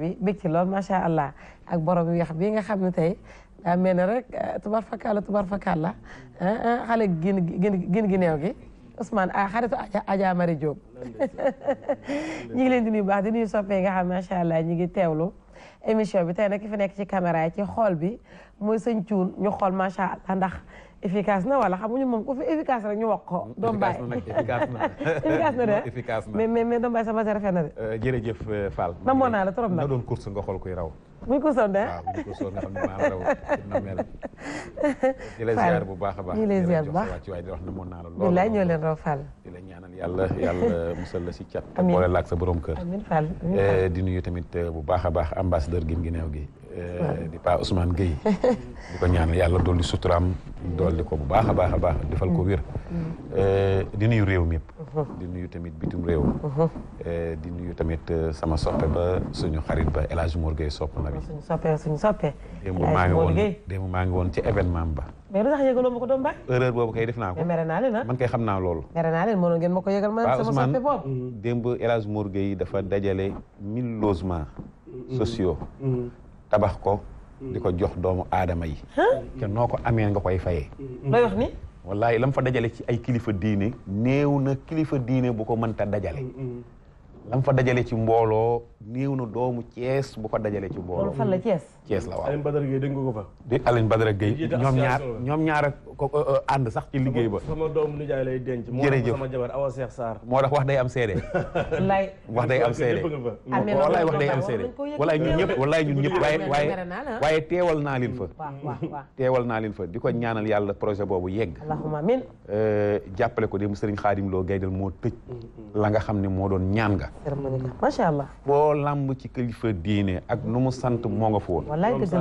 bi bég ci lool macha allah ak borom weex bii nga xam ne tey daa mel ne rek eh, tubar fakalla tubar fakalla eh, eh, xale gin gin gin gi neew gi Ousmane a ah, xaritu Adja Mari Diop ñi ngi leen di nuyu baax di nuyu soppee nga xam macha allah ñi ngi teewlu émission bi tey nag ki fi nekk ci caméra yi ci xool bi mooy sëñ cuun ñu xool macha allah ndax efficace na wala xamuñu moom ku fi efficace rek ñu wax ko. Mm, doom baay efficace na efficace na de efficace na mais mais mais doom na de. Euh, jërëjëf euh, Fall. namoon naa la trop nag na doon course nga xool kuy raw. muy course de. waaw muy course nga xam ne maa raw na mel. di la a bu baax di la jox sa wàccuwaay wax namoon naa la lool. bilaay ñoo leen raw Fall. di la ñaanal yàlla yàlla musal la si cat. amiin boole laag sa borom kër. amiin euh, Fall di nuyu tamit bu baax a baax ambassadeur gin ginnaaw gi. Eh, di Pa Ousmane Gueye di ko ñaanal yàlla dolli suturaam dolli ko bu baax a baax a baax defal ko wér eh, di nuyu réew mi di nuyu tamit bitim réew eh, di nuyu tamit sama soppe ba suñu xarit ba El Hadj Mor Gueye sopp na bi suñu soppe suñu maa ngi woon maa ngi woon ci événement ba mais lu yëgaloo ma doom ba erreur boobu kay def naa ko mere naa leen ah. man kay xam naa lool mere leen mënoon ngeen ma ko yëgal man sama soppe boobu démb El Hadj Mor Gueye dafa dajale mille logements mm-hmm. sociaux mm-hmm. tabax ko di ko mm. jox doomu aadama yi te noo ko amee nga koy fayee looy wax ni wallaay lam fa dajale ci ay kilifa diine néew na kilifa diine bu ko mënta dajale lam fa dajale ci mbooloo néew na doomu cees bu ko dajale ci mbooloo cees cees la waaw Alioune Badara Gueye dégg ko fa. di Alioune Badara ñaar ñoom ñaar ko ànd sax ci liggéey ba. sama doom lu jaay lay denc. jërëjëf moo sama jabar Awa moo tax wax day am seede. wallaay wax day am seede. wallaay wax day am seede. wallaay ñun ñëpp wallaay ñun ñëpp waaye waaye waaye teewal naa fa. teewal naa leen fa di ko ñaanal yàlla projet boobu yegg. allahumma euh, jàppale ko de mu Serigne Khadim Lo Gaydel moo tëj. Mm, mm. la nga xam ne moo doon ñaan nga. macha boo lamb ci kilifa diine ak nu mu sant moo nga foon wallaay dëgg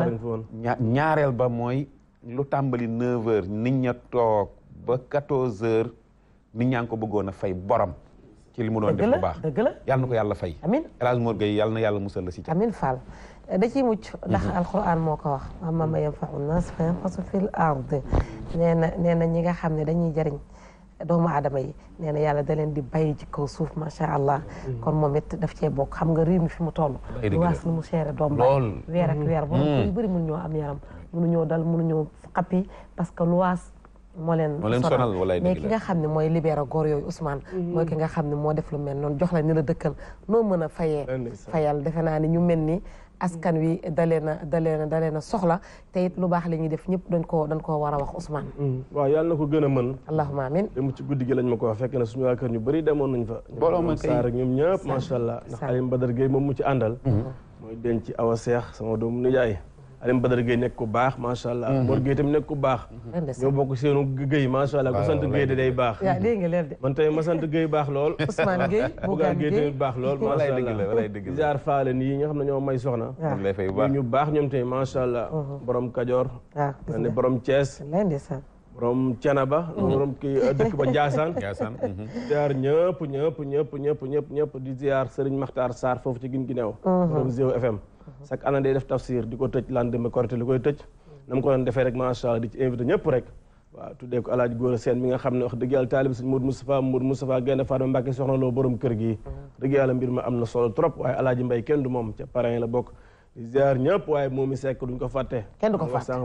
la ñaareel ba mooy lu tàmbali 9h ña toog ba 14h nit ko bëggoon a fay borom. ci li mu doon def bu baax dëgg la yal na ko yàlla fay. amiin El Hadj Mor yal na yàlla musal la si. amiin Fall da ciy mucc. ndax mhm. alquran moo ko wax. amma ma yanfau nas fa yanfasu fil ard nee na nee ñi nga xam ne dañuy jariñ doomu aadama yi nee na yàlla da leen di bàyyi ci kaw suuf macha allah. Mm-hmm. kon moom it daf cee book xam nga réew mi fi mu toll. waas lu mu seere doom ba weer ak weer ba yu mm-hmm. bëri mun ñoo am yaram munu ñoo dal munu ñoo xappi parce que luwaas moo leen sonal mais ki nga xam ne mooy libeera góor yooyu Ousmane mm-hmm. mooy ki nga xam ne moo def lu mel noon jox la ni la dëkkal noo mën a faye fayal defe naa ni ñu mel ni askan wi dalee na dalee na dalee na soxla te it lu baax li ñuy def ñëpp dañ koo dañ koo war a wax Ousmane mm. waaw yàlla na ko gën mën allahumma amin dem ci guddi gi lañ ma ko wax fekk na suñu waa kër ñu bëri demoon nañ fa booloo ma saar ak ñoom ñëpp macha allah ndax Alioune Badar Gueye moom mu ci àndal mm-hmm. mooy denc awa seex sama doomu nijaay Alioune Badara Gueye nekk ku baax macha allah. Mhm. Mor Gueye tam nekk ku baax. ñoo bokk seenu Gueye macha allah ku sant Gueye day baax. yaa dégg man tamit ma sant Gueye baax lool. Ousmane Gueye Bougane Gueye tamit baax lool. macha allah jaar faale nii nga xam ne ñoo may soxna. ñu baax ñoom tamit macha allah. Mhm. borom Kajoor. waaw borom Thiès. borom Thiénaba. Mhm. borom kii euh, dëkk ba Ndiassane. Ndiassane. ziar ñëpp ñëpp ñëpp ñëpp ñëpp ñëpp di ziar Serigne Makhtar Sarr foofu ci Guinguinéo. borom Zéo FM. chaque année day def tafsir di ko tëj lendemain Korité li koy tëj na mu ko doon defee rek macha allah di ci invité ñëpp rek waaw tuddee ko alaaj góor a seen mi nga xam ne wax dëgg yàlla taalib sëñ Modou Moustapha Modou Moustapha Gaynde Fatma Mbacke soxna loo borom kër gi dëgg yàlla mbir ma am na solo trop waaye alaaji mbay kenn du moom ca parrain la bokk di ziar ñëpp waaye moomi sekk duñ sa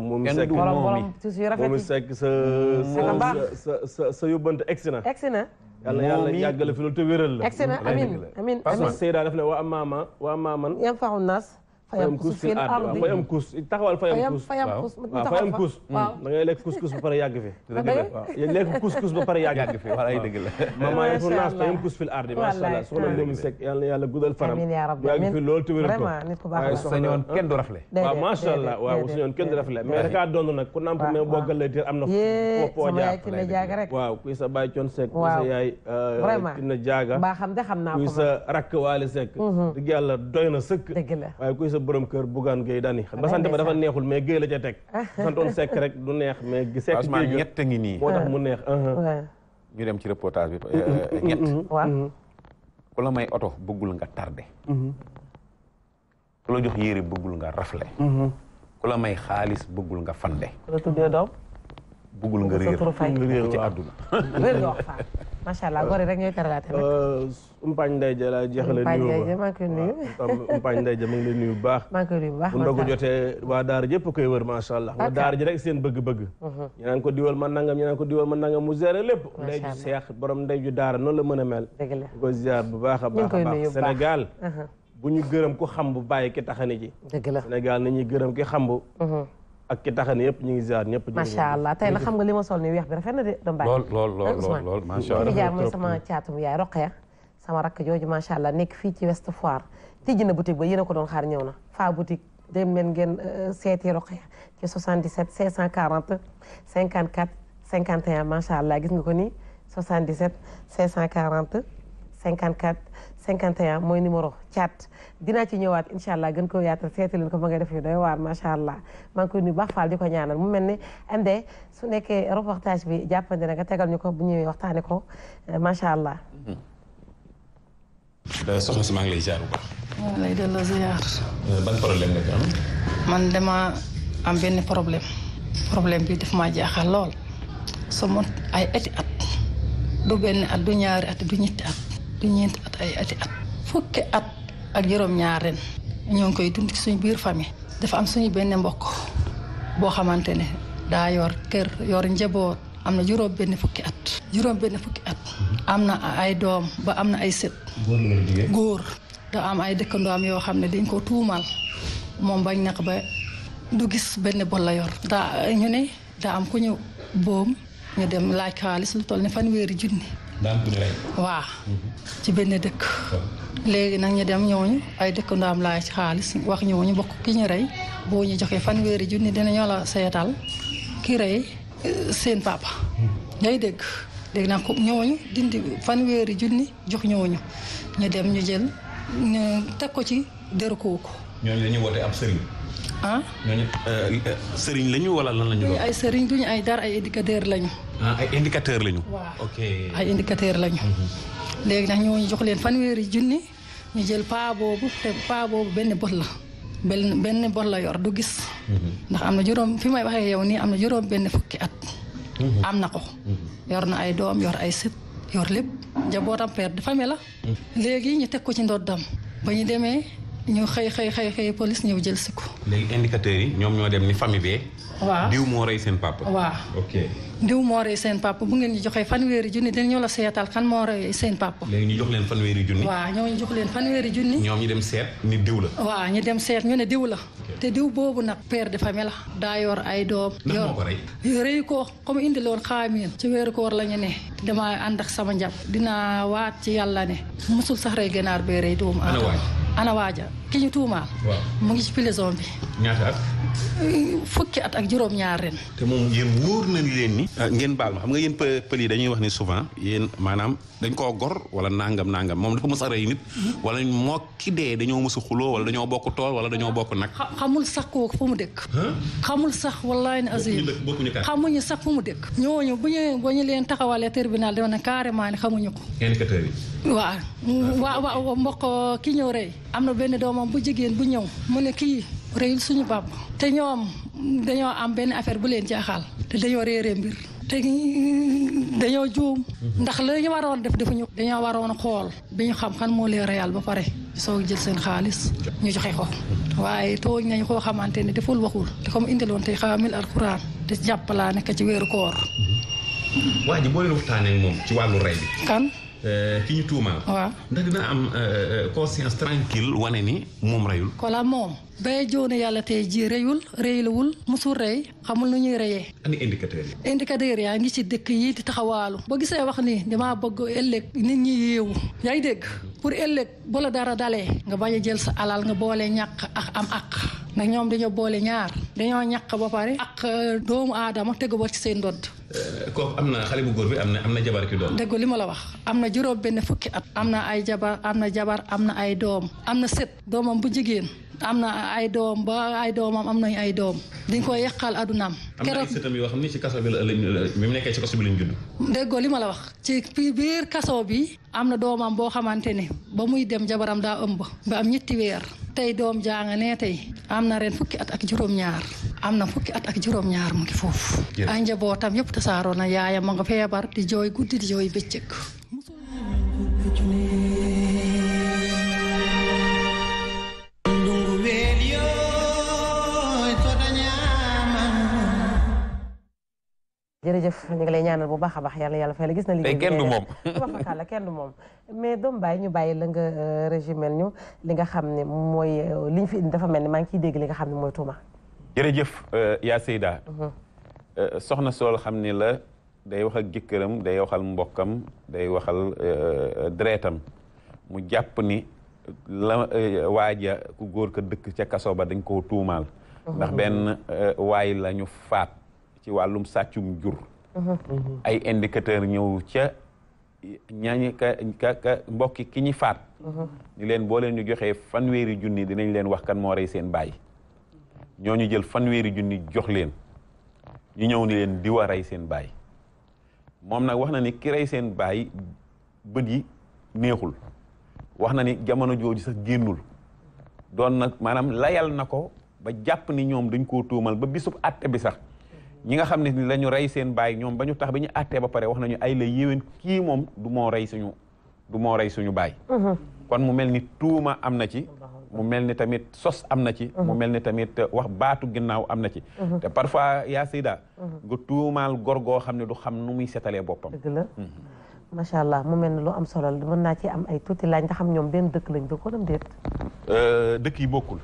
sa sa na egsi na yàlla yàggale fi loolu te wéral la egsi fayam kus fii fayam kus taxawal fayam kus fayam kus fayam kus da ngay lekk kus kus ba pare yàgg fi lekk kus kus ba pare yàgg fi wala ay dëgg la maman yi pour naas fayam kus fil ardi macha allah soxna Ndémi Seck yal na yàlla guddal fanam yàgg fi loolu tëwér ko waaye sañoon kenn du rafle waaw macha allah waaw sañoon kenn du rafle mais dakaa doon nag ku namp mais boggal lay téer am na foppoo jaaga waaw kuy sa baay coon Seck kuy sa yaay euh, tina jaaga kuy sa rakk waali Seck dëgg yàlla doy na sëkk waaye kuy sa borom kër Bougane Gueye Dany ba sant ba dafa neexul mais Gueye la ca teg santoon Seck rek du neex mais Seck ñett ngi nii moo tax mu neex uh-huh. Uh-huh. ñu dem ci reportage bi uh-huh. euh, euh, ñett waaw ku la may oto bëggul nga tardé ku la jox yére bëggul nga rafle ku la may xaalis bëggul nga fande ku la tuddee bëggul nga réer ci àdduna macha allah góor eh, yi a ñooy karalaate eh, nag. Umpaañ Ndeye Dia laa jeexale. Umpaañ Ndeye Dia maa ngi koy nuyu. Umpaañ Ndeye Dia mu ngi lay nuyu bu baax. maa ngi koy nuyu bu baax bu ndogu jotee waa Daara yëpp koy wër macha Daara ji rek seen bëgg-bëgg. Mhm. ñu naan ko diwal ma nangam ñu naan ko diwal a nangam mu gérer lépp. ndey ju seex borom ndey ju Daara noonu la mën a mel. dëgg la ko ziar bu baax a baax a baax Sénégal mhm. bu ñu gërëm ku xam bu bàyyi ki taxani ji. dëgg la Sénégal nañuy gërëm ki xam ak ki taxane yëpp ñu ngi ziar ñëpp. macha allah tey nag xam nga li ma sol ni weex bi rafet na de. doom bàyyi lool lool lool lool lool macha allah jaar mooy sama caatum yaay Roqeya sama rakk jooju macha allah nekk fii ci West Foire tijji na boutique ba yéen a ko doon xaar ñëw na faa boutique dem leen ngeen euh, seeti Roqeya ci 77 540 54 51 macha allah gis nga ko ni 77 540 54 51 mooy numéro chat dinaa ci ñëwaat incha allah gën ko yaatal seeti leen ko ma ngay def yu doy waar macha allah maa ngi koy nuyu baax faal di ko ñaanal mu mel ni Inde su nekkee reportage bi jàppandi na nga tegal ñu ko bu ñëwee waxtaanee ko euh, macha allah. Euh, soxna si maa ngi lay ziar bu baax. maa lay delloo euh, man dama am benn problème. problème bi daf maa jaaxal lool. sama ay ati at du benn at du ñaari at du ñetti at. fukki ñeenti at ay ati at fukki at ak juróom-ñaar ren ñoo ngi koy dund suñ biir famille dafa am suñu benn mbokk boo xamante ne daa yor kër yor njaboot am na juróom benn fukki at juróom benn fukki at am na ay doom ba am na ay sët góor da am ay dëkkandoom yoo xam ne dañ ko tuumal moom bañ naq ba du gis benn bol la yor daa ñu ne daa am ku ñu boom ñu dem laaj xaalis lu toll ne fanweeri junni daan waaw mhm. ci benn dëkk. léegi nag ñu dem ñooñu ay dëkk ndaam laay ci xaalis wax ñooñu bokk ki ñu rey boo ñu joxee fanweeri junni dinañoo la seetal ki rey eh, seen papa. Mhm. ngay dégg léegi nag ñooñu dindi fanweeri junni jox ñooñu ñu dem ñu jël ñu teg ko ci dër kooku. ñooñu dañuy woote ab ah. ñooñu euh, sëriñ lañu wala lan lañu doon. ay sëriñ duñu ay dara ay indicateur lañu. ah ay indicateur lañu. waaw ok ay indicateur mhm. léegi nax ñooñu jox leen fanweeri junni ñu jël paa boobu te paa boobu benn bot la benn benn bot la yor du gis. Mhm. ndax am na juróom fi may waxee yow nii am na juróom benn fukki at. Mhm. am na ko. yor na ay doom yor ay sët yor lépp njabootam père de famille la. léegi ñu teg ko ci ndoddam ba demee. ñu xëy xëy xëy xëy police ñëw jël si ko. léegi indicateurs yi ñoom ñoo dem ni famille bee. waaw diw moo rey seen papa. diw moo rey seen papa bu ngeen ñu joxee fanweeri junni dinañu la seetal kan moo seen papa. léegi ñu jox leen fanweeri junni. waaw ñoo ñu jox leen fanweeri junni. ñoom ñu dem seet ni diw la. waaw ñu dem seet ñu ne diw la. te diw boobu nag père de famille la. daa yor ay doom. ndax moo ko rey. rey ko comme indi loon ci weeru koo la ñu ne. dama ànd ak sama njab dina waat ci yàlla ne mosul sax rey ganaar bee rey doomu aadama ana waaja ki ñu tuumaal mu ngi ci prison bi ñaata fukki at ak juróom-ñaar ren te moom yéen wóor nañ leen ni ah, ngeen baal ma xam pël yi dañuy wax ni souvent yéen maanaam dañ koo gor wala nangam nangam moom dafa mos a rey nit wala moo ki dee dañoo mos a xuloo wala dañoo bokk tool wala dañoo bokk nag xamul sax kooku fu mu dëkk xamul sax wallaay ne azim xamuñu sax fu mu dëkk ñooñu bu ñu bu ñu leen taxawalee tër tribunal dama ne carrément ne xamuñu ko. waa waaw waaw waaw mbokk ki ñëw rey. am na benn doomam bu jigéen bu ñëw mu ne kii reyul suñu bàbb te ñoom dañoo am benn affaire bu leen jaaxal te dañoo réeree mbir. te dañoo juum. ndax la ñu waroon def defuñu. dañoo waroon xool bi ñu xam moo leen reyal ba pare soo jël seen xaalis ñu joxe ko waaye tooñ nañ koo xamante ne deful waxul te comme indiloon tey xaamil alquran te jàppalaa nekk ci weeru koor. waa ji boo leen waxtaanee ak moom ci wàllu rey bi. kan. Eh, ki ñu tuumaal. waaw ndax dina am eh, eh, conscience tranquille wane ni moom reyul. kola moom. bay joone yàlla te ji reyul reylawul musul rey xamul na ñuy reyee. ani indicateurs yi. indicateurs yaa ngi ci dëkk yii di taxawaalu. boo gisee wax ni damaa bëgg ëllëg nit ñi yeewu. yaa ngi dégg pour ëllëg bu la dara dalee. nga bañ a jël sa alal nga boole ñàkk ak am ak ndax ñoom dañoo boole ñaar dañoo ñaq ba pare. ak euh, doomu aadama tegu ba ci seen ndodd. Euh, kooku am na xale bu góor bi am na am na jabar ki doom. dégg li ma la wax am na juróom benn fukki at. am na ay jabar am na jabar am na ay doom am na set doomam bu jigéen. am na ay doom ba ay doomam am nañu ay doom dañ ko yàqal adunaam. keroog am na yoo xam ni ci kaso bi la bi mu li ma la wax. ci biir kaso bi. am na doomam boo xamante ne ba muy dem jabaram daa ëmb. ba am ñetti weer. tey doom jaa nga nee tey. am na ren fukki at ak juróom-ñaar. am na fukki at ak juróom-ñaar mu ngi foofu. ay njabootam yëpp tasaaroo na yaayam ma nga feebar di jooy guddi di jooy bëccëg. jërëjëf ñu ngi bu baax a yàlla yàlla fay la gis na liggéey kenn du moom mais doom bàyyi ñu bàyyi la nga euh, régimel li nga xam ne mooy euh, li fi dafa mel ni maa ngi ciy dégg li nga xam ne mooy tuuma jërëjëf euh, yaa Seyda mhm. soxna sol xam ni la day wax ak jëkkëram day waxal mbokkam day waxal deretam mu jàpp ni la waaja ku góor ko dëkk ca kaso ba dañ koo tuumaal mhm. ndax benn waay lañu faat ci wàllum sàccum jur mm-hmm. ay indicateur ñëw ca ñaañi mbokki ki ñi faat mm-hmm. ni leen boo leen ñu joxee fanweeri junni dinañ leen wax kan moo rey seen baay ñu jël fanweeri junni jox leen ñu ñëw ni leen di wa rey seen baay moom nag wax na ni ki rey seen baay bët yi neexul wax na ni jamono jooju sax génnul doon nag maanaam layal na ko ba jàpp ni ñoom dañ koo tuumal ba bisub àtte bi sax ñi nga xam ne ni la ñu rey seen baay ñoom ba ñu tax ba ñu àttee ba pare wax nañu ay la yéwén kii moom du moo rey suñu du moo rey suñu baay mhm. kon mu mel ni tuuma am na ci mu mel ni tamit sos am na ci mhm. mu mel ni tamit wax baatu ginnaaw am na ci mhm. te parfois yaa sayda nga tuumaal gor goo xam ne du xam nu muy setalee boppam dëgg la macha allah mu mel ni lu am solo mën naa ci am ay tuuti laaj nga xam ñoom benn dëkk lañ dëkkoon am déet euh, dëkk yi bokkul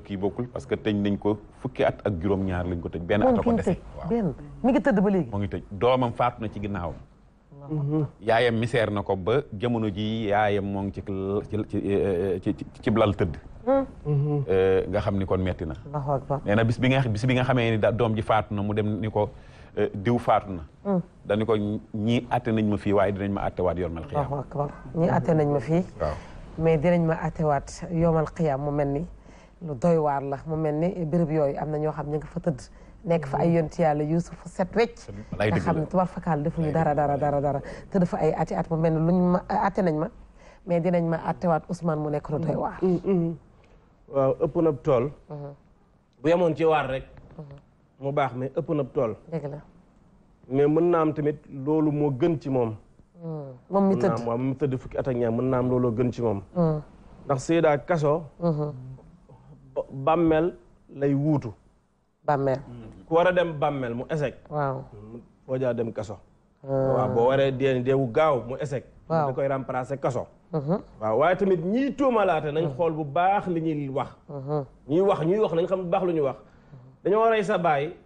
kii bokkul parce que tëj nañ ko fukki at ak juróom-ñaar lañ ko tëj benn at a ko dese benn mi ngi tëdd ba léegi mu ngi tëj doomam faatu na ci ginnaawam na ko ba jamono ji yaayam moo ngi ci ci blal tëdd mm-hmm. eh, nga xam ni kon metti na nee na bi nga bis bi nga xamee ni doom ji faatu na mu dem ni ko eh, diw faatu na mm. dañu ko ñii atte nañ ma fii waaye dinañ ma attewaat yowmal xiyaam ñii atte nañ ma fii mais dinañ ma mu mel ni lu doy waar la mu mel ni béréb yooyu am na ñoo xam ñu nga fa tëdd nekk fa ay yonti yàlla Yuusuf fa set wecc nga xam ne tubar fakal defuñu dara dara dara dara tëdd fa ay ati at mu mel ni luñ ma atte nañ ma mais dinañ ma attewaat Ousmane mu nekk lu doy waar mm, mm, mm. waaw ëpp tool mm-hmm. bu yemoon ci waar rek mm-hmm. mu baax mais ëpp na tool dëgg la mais mën naa am tamit loolu moo gën ci moom moom mi tëdd tëdd fukki at ak mën naa looloo gën ci moom ndax Seyda kaso mm-hmm. bàmmeel lay wuutu. bàmmeel. ku war a dem bàmmeel mu échec. waaw foo jaa dem kaso. Ah. waaw boo waree dee deewu gaaw mu échec. waaw da koy remplacer kaso. Uh-huh. waa waaye tamit ñiy tuumalaate nañ uh-huh. xool bu baax li ñuy wax. Uh-huh. ñuy wax ñuy wax nañ xam bu baax lu ñuy wax. dañoo rey sa baay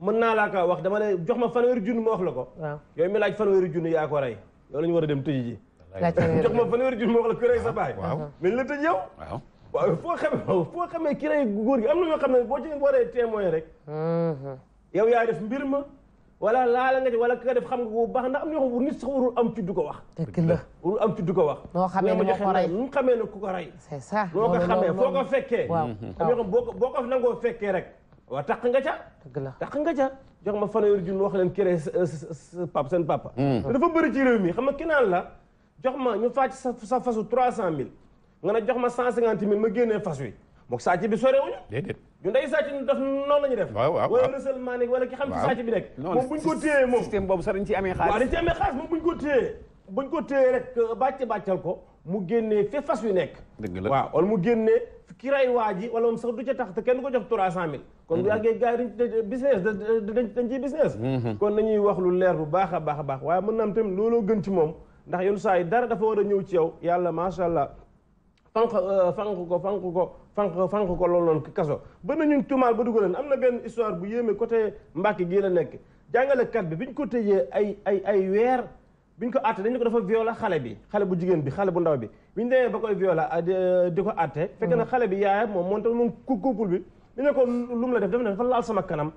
mën naa laa kaa wax dama lay jox ma fanweeri junni ma wax la ko. waaw yooyu mi laaj fanweeri junni yaa ko rey yow la ñu war a dem tëj ji. jox ma fanweeri junni ma wax la ko rey sa baay. waaw mais la tëj yow. waaw foo xamee foo xamee ki rey góor gi am na ñoo xam ne boo ci waree témoin rek. Mhm. yow yaa def mbir ma. wala laala nga ci wala ki nga def xam nga bu baax ndax am na ko xam nit sax warul am ci du ko wax. dëgg la warul am ci du ko wax. noo xamee ne moo ko rey noo xamee ne ku ko rey. c'est ça noo ko xamee foo ko fekkee. waaw mhm. am yoo boo ko boo ko nangoo fekkee rek. waaw tax nga ca. dëgg la tax nga ca jox ma fanweeri junni wax leen kere pap seen papa. Mhm. dafa bëri ci réew mi xam nga ki la jox ma ñu fàcc sa sa fasu trois cent mille. nga ne jox ma cent cinquante mille ma génnee fas wi mook sàcc bi sorewuñu déedéet ñu ndey sàcc ñu def noonu la ñu def wala rësal maa wala ki xam ko téyee moom système euh, mu génnee fas wi nekk dëgg la waaw wala mu génnee ki ray waa ji wala moom sax du tax te kenn ko jox trois cent mille kon bu mhm. yàggee gars mhm. leer bu baax a baax a baax waaye mën na am tamit looloo gën ci moom ndax yenn saa yi dara dafa war a ñëw ci yow yàlla macha allah fanq euh, fanq ko fanq ko fanq fanq ko loolu looloon kaso ba nañu tumaal ba dugaleen am na benn histoire bu yéeme côté Mbàkke gii la nekk jàngalekat bi bi ñu ko tëjee ay ay ay weer bi ñu ko àtte dañu ko dafa viola xale bi xale bu jigéen bi xale bu ndaw bi bi ñu demee ba koy viola euh, di ko àtte mm-hmm. fekk na xale bi yaayam moom moom tam moom couple bi ñu ne ko lu mu la def def ne dafa laal sama kanam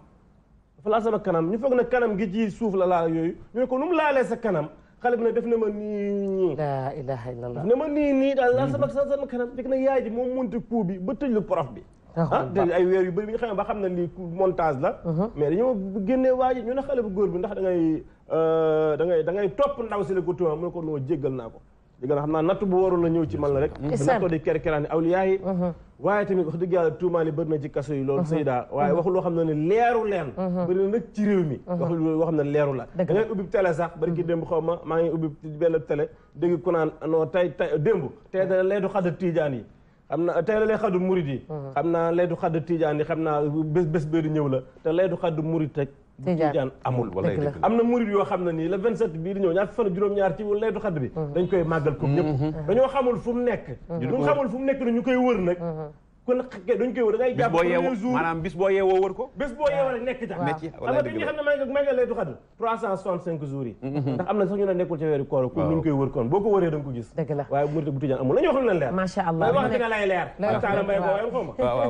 dafa laal sama kanam ñu foog na kanam gi ci suuf la laal yooyu ñu ne ko laalee sa kanam xale bi nag def na ma nii nii. laa ilaaha illallah. def na ma nii nii daal laal sama sama kanam fekk na yaay ji moom munti coup bi ba tëj lu prof bi. ah ay weer yu bëri bi ñu xamee ba xam ne lii montage la. Uh-huh. mais dañoo génnee waa ji ñu ne xale bu góor bi ndax da euh, ngay da ngay da ngay topp ndaw si la ko tuuma mu ne ko noo jéggal naa ko. di gën a xam naa natt bu warul la ñëw ci man la rek nattoo di kerkeraan awliyaa yi uh-huh. waaye tamit wax dëgg yàlla tuumaal yi bëri na ci kaso yi loolu uh-huh. sayda waaye wax loo xam ne leeru leen uh-huh. bëri na nag ci réew mi wax loo xam ne leeru la da ngay ubbi télé sax bari ma maa ngi ubbi benn télé dégg ku naan non tay tay démb tey da lay du xadda tiijaan yi xam na tey la lay xaddu murid yi xam naa lay du xadda yi xam naa bés bés bari ñëw la te lay du xaddu te tijaan amul wala am na murid yoo xam ne nii le 27 bii di ñëw ñaar fan juróom-ñaar ci laytu xadri mm-hmm. dañ koy màggal ko ñëpp mm-hmm. dañoo xamul fu mu nekk duñ mm-hmm. xamul fu mu nekk na ñu koy wër nag kon xëy dañ koy wër da ngay jàpp ko bés boo yeewoo rek nekk ca xam nga ñi yi mm-hmm. ndax am na sax ñu ne nekkul ca ko ko wëree da nga ko gis dëgg la waaye bu la ñu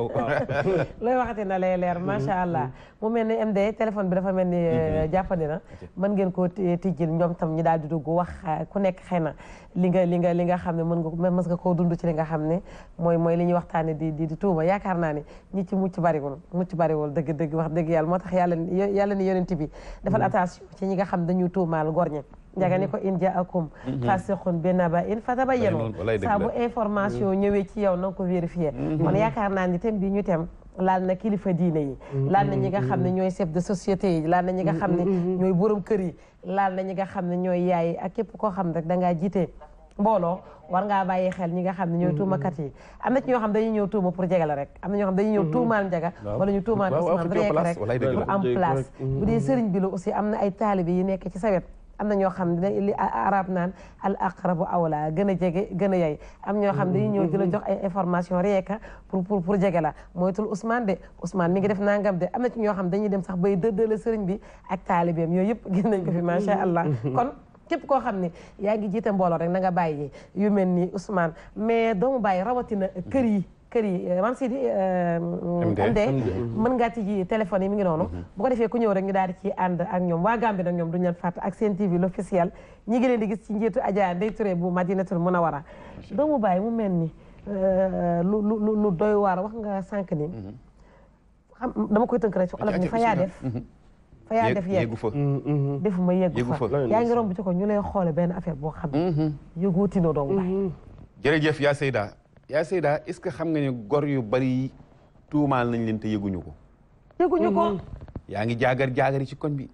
wax na leer leer macha mm-hmm. allah mu mel ni MD téléphone bi dafa mel ni mm-hmm. euh, jàppandi na mën ngeen koo tijjil ñoom tam ñu daal di dugg wax euh, ku nekk xëy na li nga li nga li nga xam ne mën nga mës nga koo dund ci li nga xam ne mooy mooy li ñuy waxtaane di ji di tuuma yaakaar naa ne ñi ci mucc bariwul mucc bariwul dëgg dëgg wax dëgg yàlla moo tax yàlla yàlla ni yonent bi defal mm-hmm. attention ci ñi nga xam dañu tuumaal gorñe mm-hmm. njaga ni ko in jaakum mm-hmm. fasiqun bi naba'in fatabayyanu saa bu information ñëwee ci yow na nga ko vérifier kon yaakaar naa ni thème bi ñu tem laal na kilifa diine yi laal na ñi nga xam ne ñooy chef de société yi laal na ñi nga xam ne ñooy borom kër yi laal na ñi nga xam ne ñooy yaay ak képp koo xam rek dangaa jiite mbooloo war ngaa bàyyi xel ñi nga xam ne ñooy tuumakat yi am na ci ñoo xam dañuy ñëw tuuma pour jege la rek am na ñoo xam dañuy ñëw tuumaal njaga wala ñu tuumaal Ousmane rek rek aussi am na ay taalibe yi nekk ci sawet am na ñoo xam ne li arab naan al aqrabu awla gën a jege gën a yay am ñoo xam ne dañuy ñëw di la jox ay information rien pour pour pour jege la moytul Ousmane de Ousmane mi ngi def nangam de am na ci ñoo xam dañuy dem sax bay dëddale sëriñ bi ak taalibeem yooyu yëpp gën nañ ko fi macha allah kon képp koo xam ne yaa ngi jiite mbooloo rek na nga bàyyi yu mel ni Ousmane mais doomu bàyyi rawatina kër yi kër yi maam si di MD mën ngaa tijji téléphone yi mi ngi noonu mm-hmm. bu ko defee ku ñëw rek ñu daal di ci ànd ak ñoom waa Gambie nag ñoom duñu leen fàtte ak seen TV l'officiel ñi ngi leen di gis ci njiitu Adja Ndeye Touré bu Madinatul Munawara doomu bàyyi mu mel ni euh, lu lu lu doy waar wax nga sànq ni mm-hmm. xam dama koy tënk rek ci olof ñu fa yaa def mm-hmm. fa yaa def yegg fa defuma yegg fa yaa ngi romb ci ko ñu lay xoole benn affaire boo xam ne yëgootinoo doomu baay jërëjëf yaa Seyda yaa Seyda est-ce que xam nga ne gor yu bari tuumaal nañ leen te yëguñu ko yëguñu ko mm-hmm. yaa ngi jaagar jaagari ci koñ bi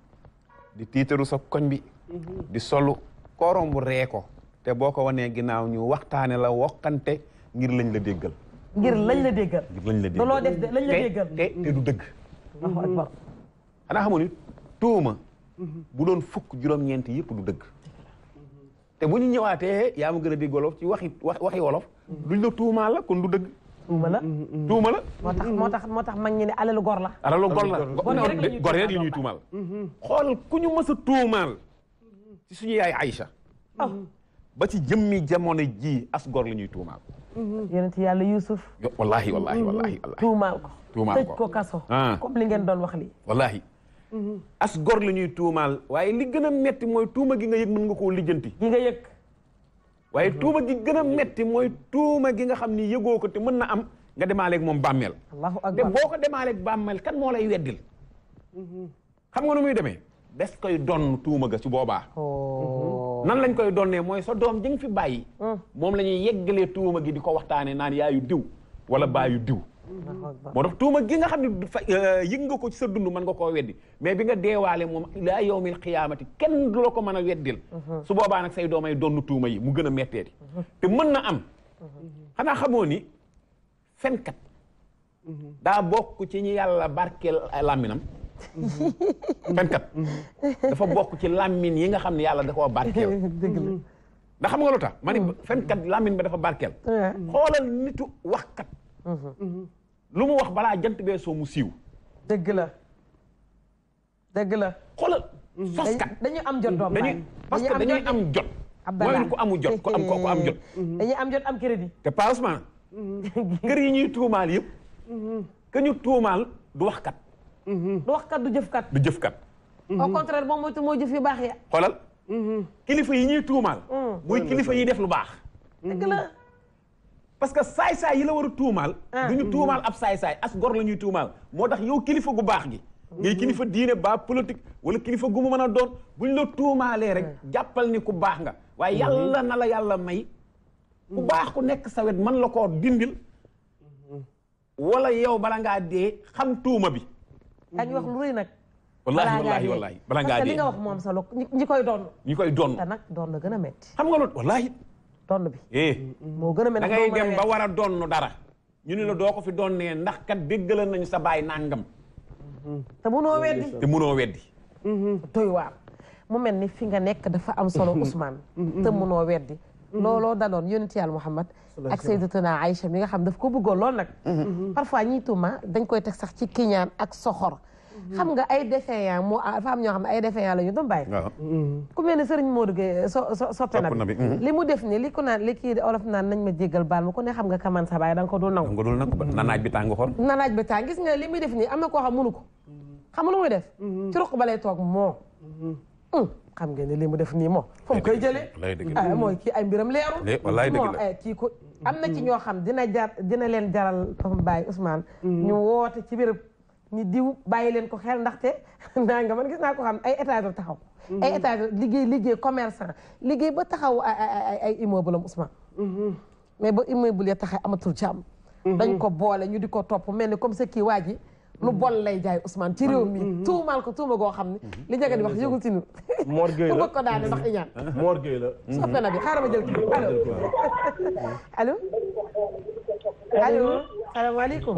di tiitaru sa koñ bi mm-hmm. di solu koo romb ree ko te boo ko wanee ginnaaw ñu waxtaane la wokkante ngir lañ la déggal ngir lañ la déggal lañ la déggal te te du dëgg mm-hmm. xanaa xamoon it tuuma mhm. bu doon fukk juróom-ñeent yëpp du dëgg te bu ñu ñëwaatee yaa ma gën a dégg wolof ci waxi waxi wolof mhm. duñ la tuumaa la kon du dëgg tuuma la mhm. tuuma la moo tax moo tax moo tax mag ñi ne alalu gor la alalu gor la gor rek li ñuy tuumaal xool ku ñu mës a tuumaal ci suñu yaay Aïcha oh. ba ci jëmmi jamono ji as gor la ñuy tuumaal yonent yàlla Yuusuf wallahi wallahi wallahi tuumaal ko kaso ah. comme li ngeen doon wax lii wallahi Mm-hmm. as gor la ñuy tuumaal waaye li gën a metti mooy tuuma gi nga yëg mën nga koo lijjanti. gi nga yëg. waaye tuuma gi gën a metti mooy tuuma gi nga xam ni yëgoo ko te mën na am nga demaaleeg moom bàmmeel. allahu akbar boo ko demaa demaaleeg bàmmeel kan moo lay weddil. Mm-hmm. xam nga nu muy demee des koy donn tuuma ga si boobaa. Oh. Mm-hmm. nan lañ koy donnee mooy sa doom ji nga fi bàyyi. Mm. moom la ñuy yeggalee tuuma gi di ko waxtaanee naan yaayu diw wala yu diw. moo tax tuuma gi nga xam ne euh, yëg nga ko ci sa dund man nga koo weddi mais bi nga deewaale moom ilaa yawmil xiyaamati kenn du la ko mën a weddil mhm. su boobaa nag say doomay donn tuuma yi mu gën a metteeti te mën na am mhm. xanaa xamoo ni fenkat mhm. daa bokk ci ñi yàlla barkeel làmminam fenkat dafa bokk ci làmmin yi nga xam ne yàlla da koo barkeel ndax xam nga lu tax ma ni fenkat làmmin ba dafa barkeel xoolal nitu waxkat lu mu wax balaa jant bee soo mu siiw. dëgg la dëgg la. xoolal soskat dañuy am jot doom dañuy parce que dañuy am jot. mooy ku amu jot ku am ko am jot. dañuy am jot am crédit. te pas Ousmane. kër yi ñuy tuumaal yëpp. que ñu tuumaal du wax kat. du wax kat du jëf kat. du jëf kat. au contraire moom mooy moo jëf yu baax ya. xoolal. Mm-hmm. kilifa yi ñuy tuumaal. Mm. muy kilifa yi def lu baax. dëgg parce que saay-saay yi la war a tuumaal ah. du ñu tuumaal ab saay-saay as gor la ñuy tuumaal moo tax yow kilifa gu baax ngi ngay kilifa diine baa politique wala kilifa gu mu mën a doon buñ la tuumaalee rek hmm. jàppal ni ku baax nga waaye hmm. yàlla na la yàlla may ku hmm. baax ku nekk sa wet mën la koo dindil wala yow bala ngaa dee xam tuuma bi dañ wax lu rëy nag wallaahi wallaahi wallaahi bala ngaa dee parce que li nga wax moom sa lok ñi koy doon ñi koy doon te nag doon la gën a métti xam nga loolu donn bi eh. mm, mm, moo gën a dem ba war a donn dara ñu ne la doo ko fi doon nee ndax kat déggala nañu sa baay nàngam mm-hmm. te munoo weddi te munoo weddi doy mu mel ni fi nga nekk dafa am solo mm-hmm. Ousmane mm-hmm. te munoo weddi looloo daloon yonent yàlla Muhammad ak sayyidatuna Aïcha mi nga xam daf ko bëggoon lool nag parfois ñiy tuuma dañ koy teg sax ci kiiñaan ak soxor xam nga ay défaillant moo ah, dafa ñoo xam ne ay défaillant la ñu doon bàyyi ku mel ne Serigne Modou Gueye so soppe na bi mhm. li mu def ni li ku naan li kii olof naan nañ ma jéggal baal ma ko ne xam nga kaman sa baay da nga ko dul nangu na naaj bi tàng xool na naaj bi tàng gis nga li muy def nii am na koo xam mënu ko xam nga lu muy def mhm. ci ruq ba lay toog moo mhm. mm. xam nga ne li mu def nii moo fu koy jëlee ah, mooy kii ay mbiram leeru moo eh, kii ko am na ci ñoo xam dina jar dina leen jaral baay Ousmane ñu woote ci béréb ni diw bàyyi leen ko xel ndaxte naa nga man gis naa ko xam ay étage taxaw mhm. ay étage liggéey liggéey commerçant liggéey ba taxaw ay ay immeuble am Ousmane mhm. mais ba immeuble ya taxaw amatul ci am mhm. dañ ko boole ñu di ko topp mel ni comme ce kii waa ji lu bol lay jaay Ousmane ci réew mi tuumaal ko tuuma goo xam ne li njëkk di wax yëgul si nu Mor Gueye la bu bëgg ko daane ndax iñaan Mor Gueye na bi xaaral ma jël kii allo allo allo salaamaaleykum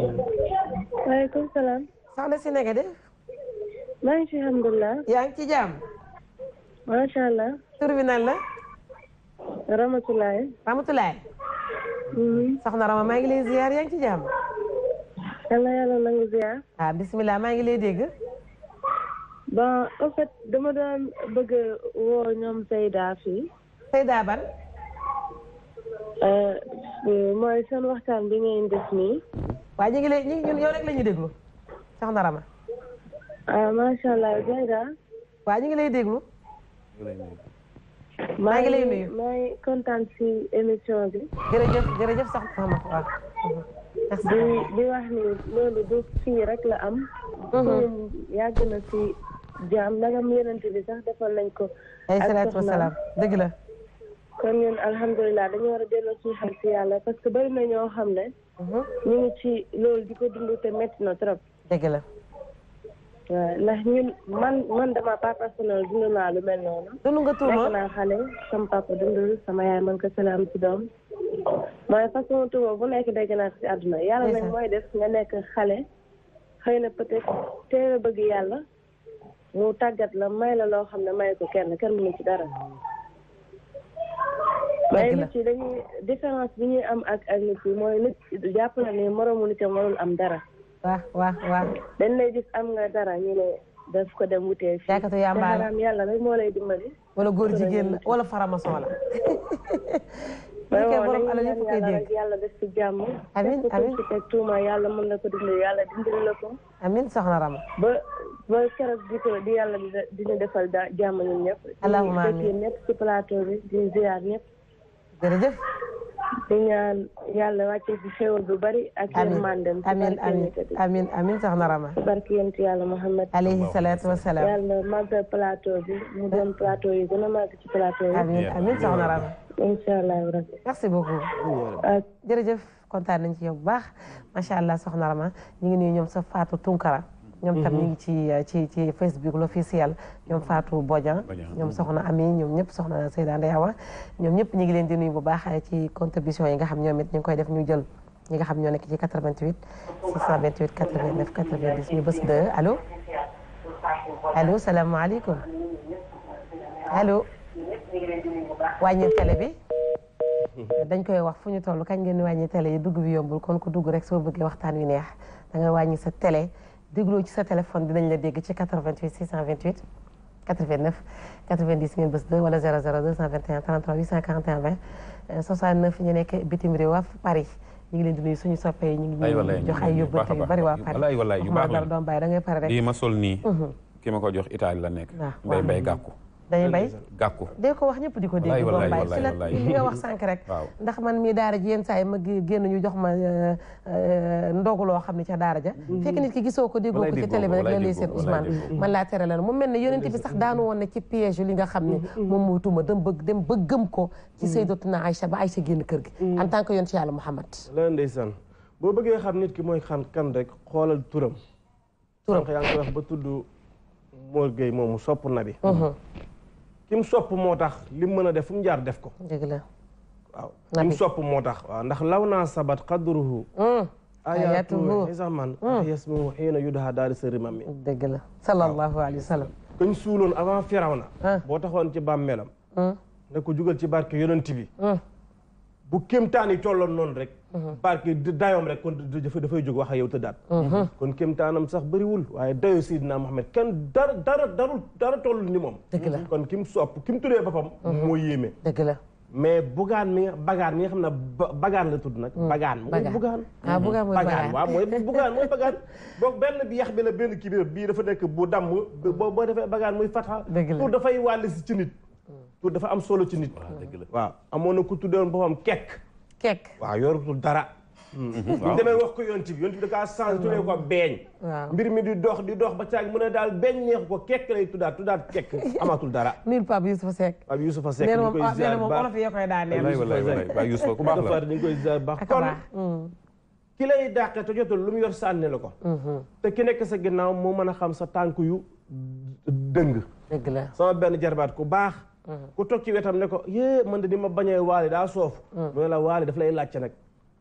waaleykum salaam soxna si naka def. maa ngi ci alhamdulilah. yaa ngi ci jàmm. macha allah. tur bi nan la. Ramatulaay. Ramatulaay. soxna Rama maa ngi lay ziar yaa ngi ci jàmm. nangu ziar. ah bisimilah maa ngi lay dégg. bon en fait dama doon bëgg woo ñoom Seyda fii. Seyda ban. mooy seen waxtaan bi ngeen def nii. waa ñu ngi lay ñu la ñuy déglu. soxna Rama. ma ah, macha allah. Ah. waa ñu ngi lay déglu. maa ngi lay nuyu kontaan si émission bi. jërëjëf jërëjëf sax Mouhamed waaw. di di wax ni loolu du fii rek la am. Mhm. yàgg na ci jaam nagam yonent bi sax defal nañ ko. ay salaatu wasalaam dëgg la. kon ñun alhamdulilah dañu war a delloo suñu xel si yàlla parce que bari na ñoo xam ne. Mhm. ñu ngi ci loolu di ko dund te métti trop. dëgg la. waaw ndax ñun man man dama pas personnel lu mel noonu. dund nga tuuma nekk naa xale sama papa dundul yaay man ko salaam ci doom. mooy façon tuuma bu nekk dégg naa ci àdduna yàlla nag mooy def nga nekk xale. xëy na peut-être teel bëgg yàlla. mu tàggat la may la loo xam ne may ko kenn kenn mënu ci dara. may nit yi dañuy différence bi ñuy am ak ak nit mooy nit jàpp na ni moromu nitam am dara. waaw waaw waaw. dañ lay am nga dara ñu ne daf ko dem wutee fii. yaakatu yàmbaa la yàlla rek moo lay dimbali. wala góor jigéen la wala faramason la. bu fekkee borom alal yàlla def ci jàmm. amiin yàlla mën na ko dimbali yàlla dimbali la ko. amiin soxna Rama. ba ba keroog di di yàlla di ñu defal da jàmm ñun ñëpp. allahumma amiin di nekk ci bi di ziar ñëpp. jërëjëf. di ñaan yàlla wàcce ci xéwal bu bari ak yërmandem amiin amiin amiin amiin soxna Rama barki yent yàlla Muhammad alayhi salaatu wa salaam yàlla màggal plateau bi mu doon plateau yi gën a màgg ci plateau yi amiin amiin soxna Rama incha allahu rabbi merci beaucoup jërëjëf kontaan nañ ci yow bu baax macha allah soxna Rama ñu ngi nuyu ñoom sa Fatou Tunkara ñoom tam ñu mhm. ngi ci ci ci Facebook l'officiel ñoom Fatou Bodian ñoom mhm. soxna Ami ñoom ñëpp soxna Seyda Ndeyawa ñoom ñëpp ñu ngi leen di nuyu bu baax ci contribution yi xam ñoom it ñu ngi koy def ñu jël ñi nga xam ñoo nekk ci 88 628 89 90 ñu bës 2 allo allo salaamaaleykum alo wàññi télé bi mhm. dañ koy wax fu ñu toll kañ ngeen wàññi télé yi dugg bi yombul kon ku dugg rek soo bëggee waxtaan wi neex da nga wàññi sa tele dégloo ci sa téléphone dinañ la dégg ci 88 628 89 90 ngeen bés 2 wala 00 221 33 841 20 69 ñu nekk bitim réew waa Paris ñu ngi leen di nuyu suñu soppe yi ñu ngi jox ay yóbbante yu bari waa Paris walaay walaay yu baax la doom bàyyi da ngay pare rek. lii ma sol nii. Mhm. ki ma ko jox Italie nekk. waaw mbay mbay dañuy gàkku dee ko wax ñëpp di ko dégg doom bay ci la li nga wax sànq rek ndax man mii daara ji yenn saa yi ma génn ñu jox ma euh, euh, ndogu loo xam ne ca daara ja mm-hmm. fekk nit ki gisoo ko déggoo ko ci télé bi rek la lay seen Ousmane man la tere la mu mel ne yonent bi sax daanu woon na ci piège li nga xam ne mm-hmm. moom moo tuma dem bëgg dem ba gëm ko ci mm-hmm. Sayyidatuna Aïcha ba Aïcha génn kër gi en tant que yonent yàlla Muhammad la ndeysaan boo bëggee xam nit ki mooy xam kan rek xoolal turam turam yaa ngi koy wax ba tudd Mor Gueye moomu na bi ki mu sopp moo tax li mu mën a def fu mu jaar def ko. dëgg la waaw ki mu sopp moo tax. waaw ndax law naa sabat qadruhu. Hmm. ayatuhu isaman hmm. yasmu xiina yudhaa daari sa rimam mi. dëgg la sallallahu alayhi wa sallam. kañ suuloon avant Firawna. Hmm. boo taxoon ci baam ne ko jugal ci barke yonent bi. bu kéemtaan yi tolloon noonu rek. Uh-huh. parce que dayoom rek kon dafay jóg wax a yow tëddaat uh-huh. kon kéemtaanam sax bariwul waaye dayo Seydina Mohamed kenn dara dara darul dara toll ni moom kon kim sopp kim tuddee boppam uh-huh. moo yéeme dëgg la mais bugaan mi nga bagaan mi nga xam ne bagaan la tudd nag bagaan mooy bugaan ah, bagaan waaw mooy bugaan mooy bagaan boo benn bi yax bi la benn kii bii dafa nekk bu damm boo boo defee bagaan muy fata pour dafay wàll si ci nit pour dafa am solo ci nit waaw amoon na ku tuddewoon boppam kekk kek waaw yorutul dara mhm. waaw demee wax ko yonti bi yonti bi da kaa changé ko beeñ mbir mi di dox di dox ba caag mën a daal beeñ neexu ko kekk lay tuddaat daal kekk amatul dara nil Pape Youssoufa Seck Pape Youssoufa Seck dañ koy ah, ziar moom olof yee koy la dañ koy ziar baax kon mm. ki lay dàqee te jotul lu mu yor sànni la ko mhm. te ki nekk sa ginnaaw moo mën a xam sa tànk yu dëng dëgg la sama benn jarbaat ku baax Mm-hmm. ku toog ci wetam ne ko yée man de di ma bañee waale daa soofu mm. mu ne la waali daf lay laajte nag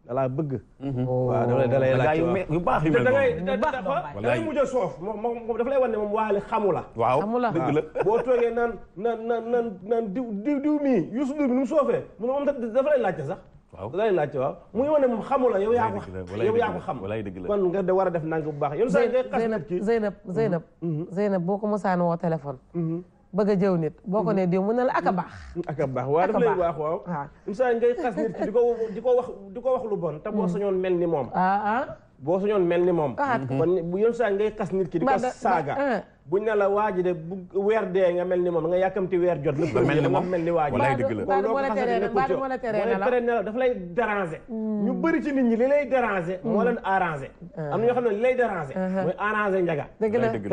da bëgg mm-hmm. oh. waaw da da lay laaj yu baax yu mel noonu da ngay mujj a soof moom moom dafa lay wan ne moom waali xamu la waaw xamu la dëgg la boo toogee naan naan naan naan naan diw diw diw mii Youssou Ndour mi nu mu soofee mu ne moom dafa lay laajte sax waaw lay laajte waaw mu ngi wane moom xamu la yow yaa ko yow yaa ko xam kon nga de war a def nang bu baax yow Zeynab Zeynab Zeynab Zeynab boo ko mosaan woo téléphone mm-hmm. bëgg a jëw nit boo ko nee diw mu ne la ak a baax ak a baax waaw daf lay baax waaw waaw misaal ngay xas nit ki di ko wax di ko wax lu bon te boo hmm. sañoon mel ni moom ah ah boo sañoon mel ni moom ah, kon bu yoon saa ngay xas nit ki di ko saaga ah. buñ ne la waaji de bu weer dee nga mel ni moom nga yàkkamti weer jot la nga mel ni moom mel ni waaji nelaw dafa lay déranger hmm. ñu bëri ci nit ñi li lay déranger hmm. moo leen arranger uh-huh. am na ñoo xam ne li lay déranger uh-huh. mooy arranger njaga te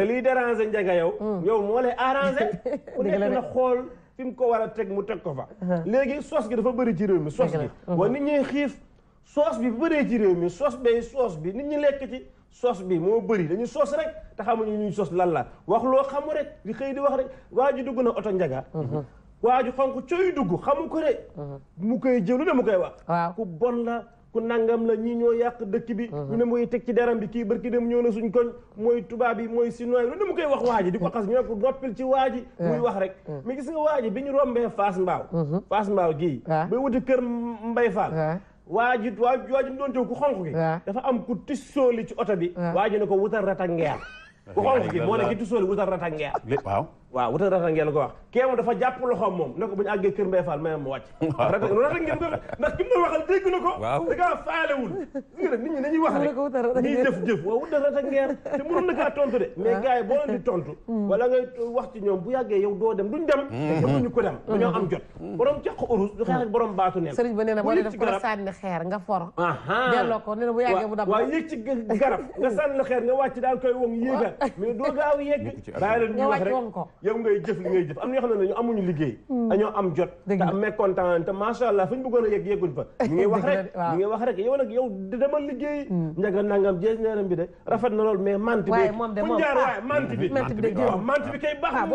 liy déranger njaga yow hmm. yow moo lay arranger ku xool fi mu ko war a teg mu teg ko fa uh-huh. léegi soos gi dafa bëri ci réew mi soos gi wa nit ñi xiif sos bi bëree ci réew mi soos bay sos bi nit ñi lekk ci sos bi moo bëri dañu sos rek te xamuñu ñuy sos lan la wax loo xamu rek di xëy di wax rek waa dugg na oto njaga mhm. waa ji xonk cooy dugg xamu ko de mhm. mu koy jëlu de mu koy wax ku bon la ku nangam la ñi ñoo yàq dëkk bi mhm. ne mooy teg ci deram bi kii barki dem ñëw na suñ koñ mooy tubaab bi mooy sinois yi lu ne mu koy wax waa ji di ko xas ñu ko noppil ci waa ji muy wax rek mm. mais gis nga waa ji bi ñu rombee Fass Mbao Fass Mbao gii bay wuti kër Mbay Fall waa ji waa waa ji doon tew ku xonq gi dafa am ku tissooli ci oto bi waa ji ne ko wutal rata ngeer ku xonq gi moo ne ki tissooli wutal rata ngeer waaw waaw wutal rata ngeen ko wax kee moom dafa jàpp loxoom moom ne ko bu ñu àggee kër Mbaye Fall mayam mu wàcc rata ko ndax ki mu na wax rek ñuy jëf jëf waaw wutal tontu de mais ah. gars boo leen di tontu hmm. wala ngay wax ci ñoom bu yàggee yow doo dem duñ dem mënuñu hmm. ko dem hmm. dañoo am jot borom caq urus du xeex ak borom baatu neen sëriñ ba nee na def ko sànni xeer nga for delloo ko nee na bu yàggee bu dab waaw yéeg ci garab nga sànni xeer nga wàcc daal koy wong yéegal mais doo gaaw yegg bàyyi leen wax rek yow ngay jëf li ngay jëf am na ñoo xam ne ñu liggéey hmm. am jot te am mécontent te macha allah fu ñu bëggoon yegg yegguñ fa ñu ngi wax rek ñu ngi wax rek yow nag yow hmm. nangam jees neeram bi de rafet na lool mais mante bi fu ñu jaar ah. bi waaw mante bi kay baax ah,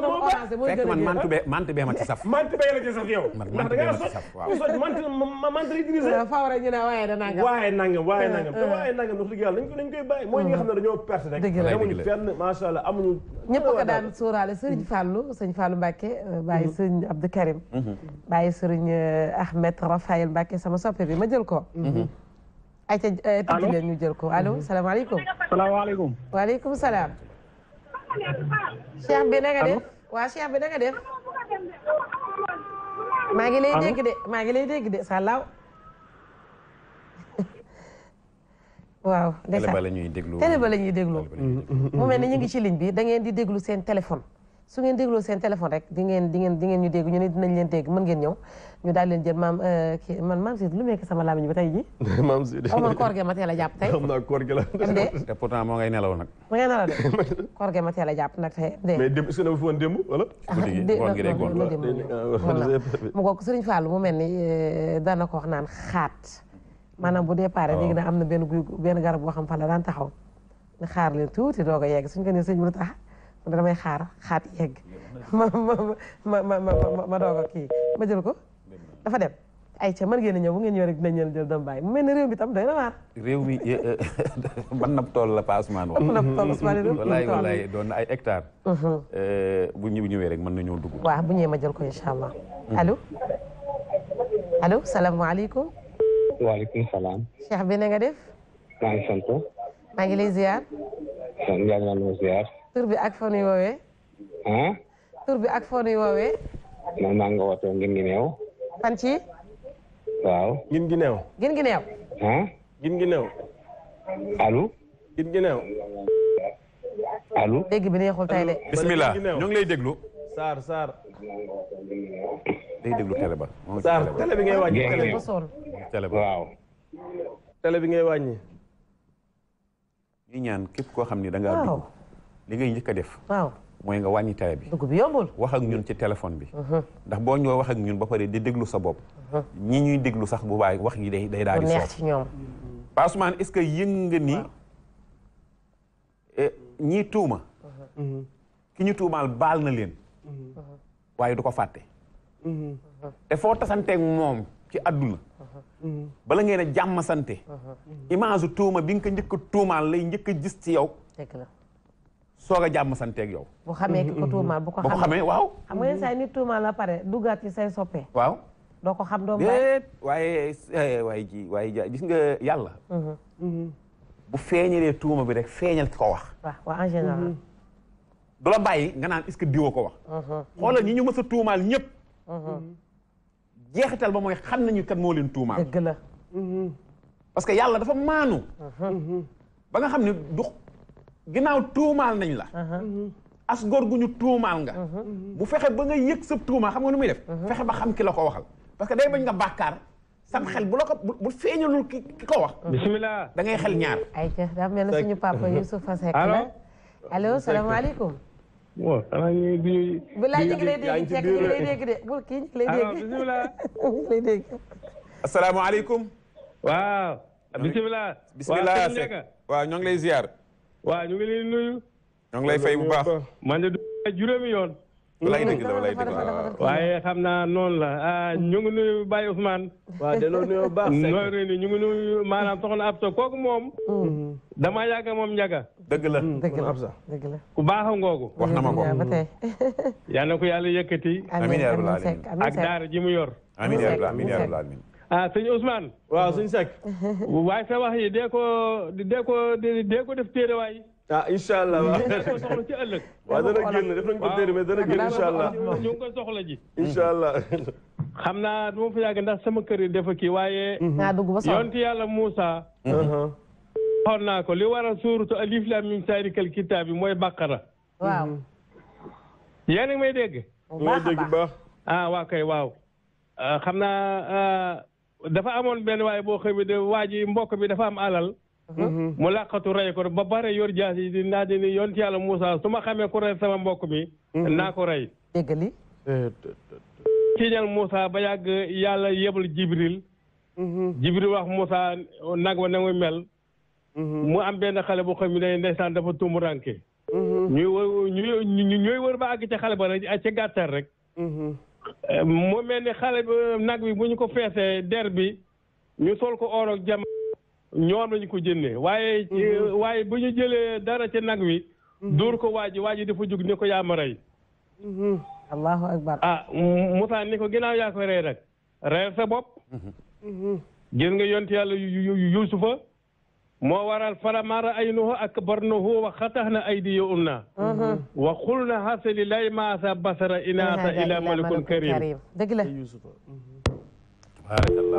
mante be mante be ma ci saf mante be la ci saf yow ndax da ngaa sot sot mante mante lay ah, dirigé faaw rek ñu ne waaye da nangam waaye nangam waaye nangam te waaye nangam wax dëgg yàlla nañ ko nañ koy bàyyi mooy ñi nga xam ne dañoo perte rek amuñu fenn macha allah amuñu ñëpp ko daan sóoraale sëriñ Fallou sëñ Fallou Mbacke euh, bàyyi mhm. sëñ Abdou Karim mhm. bàyyi sëriñ euh, Ahmed ma jël mhm. Euh, ñu jël ko allo salaamaaleykum salaamaaleykum waaleykum maa ngi lay maa ngi lay dégg de sàllaaw waaw télé ba la ñuy déglu télé ba ñuy déglu mu mel ne ñu ngi ci ligne bi da ngeen di déglu seen téléphone su ngeen dégloo seen téléphone rek di ngeen di ngeen di ngeen ñu dégg ñu ne dinañ leen dégg mën ngeen ñëw ñu daal leen jël maam euh, man maam Sidi lu mekk sama laam bi tey ji maam Sidi xaw ma jàpp tey xam naa koor ge la te moo ngay nelaw nag ma ngay nelaw de koor ge ma teel jàpp nag tey de mais démb est-ce que dafa fi woon démb wala mu ko Sëriñ Fallou mu mel ni euh, daana ko wax naan xaat maanaam bu dee déparé ah. léegi na am na benn guy benn garab boo xam fa la daan taxaw xaar leen tuuti doog a yegg suñ ko ne sëñ mu tax na may xaar xaat yegg ma ma ma ma ma ma a kii jël ko dafa dem ay ca mën ngeen a ñëw bu ngeen rek dinañ leen jël doom bàyyi mu mel ne réew mi tam doy na waar. réew mi ban na tool la Pa ma wax. ban nab tool Ousmane la walaay walaay doon na ay hectare mhm. eh, bu ñu ñëwee rek mën nañoo dugg. waaw bu ñëwee ma jël ko incha allah. Mhm. allo allo salaamaaleykum. waaleykum salaam. Cheikh bi nga def. maa ngi sant. lay ziar. tur bi ak foo nuy woowee. ah. tur bi ak foo nuy woowee. man ngi ko wootee ngin waaw. ngin gi neew. ngin gi neew. ah. ngin gi neew. allo. ngin bi neexul tey bismillah ñu lay déglu. Saar Saar. day déglu télé ba. Saar télé bi ngay wàññi. bi ngay wàññi. ñu ñaan képp koo xam ni da ngaa dugg. li njëkk a def. waaw mooy nga wàññi télé bi. dugg wax ak ñun ci téléphone bi. Mhm. ndax boo ñoo wax ak ñun ba pare di déglu sa bopp. Mhm. ñi ñuy déglu sax bu baax wax gi day day daal di. soob neex ci ñoom. Passemane est-ce eh, tuuma. Mhm. ki ñu tuumaal baal na leen. waaye du ko fàtte. te foo tasanteeg moom ci àdduna. bala ngeen a jàmm sante. image tuuma bi nga ko njëkk tuumaal lay njëkk a gis ci yow. soog a jàmm santeeg yow. bu xamee ki ko tuumaal bu ko. xamee waaw. xam nga yenn saa yi nit tuumaal la pare duggaat ci say soppe. waaw doo ko xam doo bàyyi. waaye eh, waaye ji waaye gis nga yàlla. Mhm. Mhm. bu feeñalee tuuma bi rek feeñal ko wax. waaw en mhm. nga naan est-ce que diwoo ko wax. xoolal ñi ñu mës a tuumaal ñëpp. jeexital ba mooy xam nañu kat moo leen tuumaal. dëgg parce que yàlla dafa maanu. ba nga xam ne ginnaaw tuumaal nañ la as góor gu ñu tuumaal nga bu fexe ba nga yëg sa tuuma xam nga nu muy def fexe ba xam kilo la ko waxal parce que day bañ nga bàkkaar sam xel bu la ko bu feeñalul ki ki ko wax bismillah da ngay xel ñaar ay ca daa mel na suñu papa Youssoufa Seck la ñu ngi. bu laaj ñu lay dégg ceeb ñu ngi kii ñu ngi lay dégg. waaw. bisimilah. bisimilah waaw ñoo ngi lay ziar. waaw ñu ngi lay fay bu baax man de du juróomi yoon. walaay dëgg la walaay dëgg la waaye xam naa noonu la ah, ñu ngi nuyu Baye Ousmane. waaw delloo nuyoo baax. nooy ñu ngi nuyu maanaam soxna kooku moom. Mm-hmm. damaa yàgg moom njaga dëgg la mm-hmm. dëgg ku baax a ngoogu. wax na ma ko ba mm-hmm. tey. yal yàlla yëkkati. amiin amiin ak daara ji mu yor. amiin amiin amiin ah sëñ Ousmane. waaw sëñ Seck. waaye sa wax yi dee ko dee ko dee ko def téere waay. ah incha allah waaw dana ko soxla ci ëllëg. waaw dana def nañ ko téere mais dana soxla ji. incha xam naa du ma fa yàgg ndax sama kër yi dafa kii waaye. Mhm. naa dugg ba yonti yàlla Moussa. Uh-huh. xool naa ko li waral suuratu alif laam miim zaalikal kitaab bi mooy bàqara. waaw. Mhm. yéen a ngi may dégg. Ah, waa kay waaw. Ah, xam naa. Ah, dafa amoon benn waaye boo xam ne waa ji mbokk bi dafa am alal. Mm-hmm. mu làqatu rey ko ba pare yor jaas yi di naa di yoon yonent yàlla Moussa su ma xamee ku rey sama mbokk mi. Mm-hmm. naa ko rey. déggali. tiiñal Moussa ba yàgg yàlla yebal Jibril. Mm-hmm. Jibril wax Moussa nag wa na muy mel. mu am benn xale boo xam ne ndeysaan dafa tumuranke ñuy wër ba àgg ca xale ba rek. moo mel ni xale nag wi bu ñu ko feesee der bi ñu sol ko or ak jam ñoom lañu ko jëndee waaye mhm. waaye bu ñu jëlee dara ci nag wi mhm. dóor ko waa ji waa ji dafa jóg ne ko yaa rey mhm. allahu akbar ah Moussa ni ko ginnaaw yaa ko rey rek reyal sa bopp gis nga yonti yàlla Yuusufa moo waral falamaa ra'aynahu akbarnahu wa xatahna aydiyahunnaa uh-huh. wa qulna haasa lillaahi maa haaza basharan in haazaa illaa malikun kariim dëgg la mu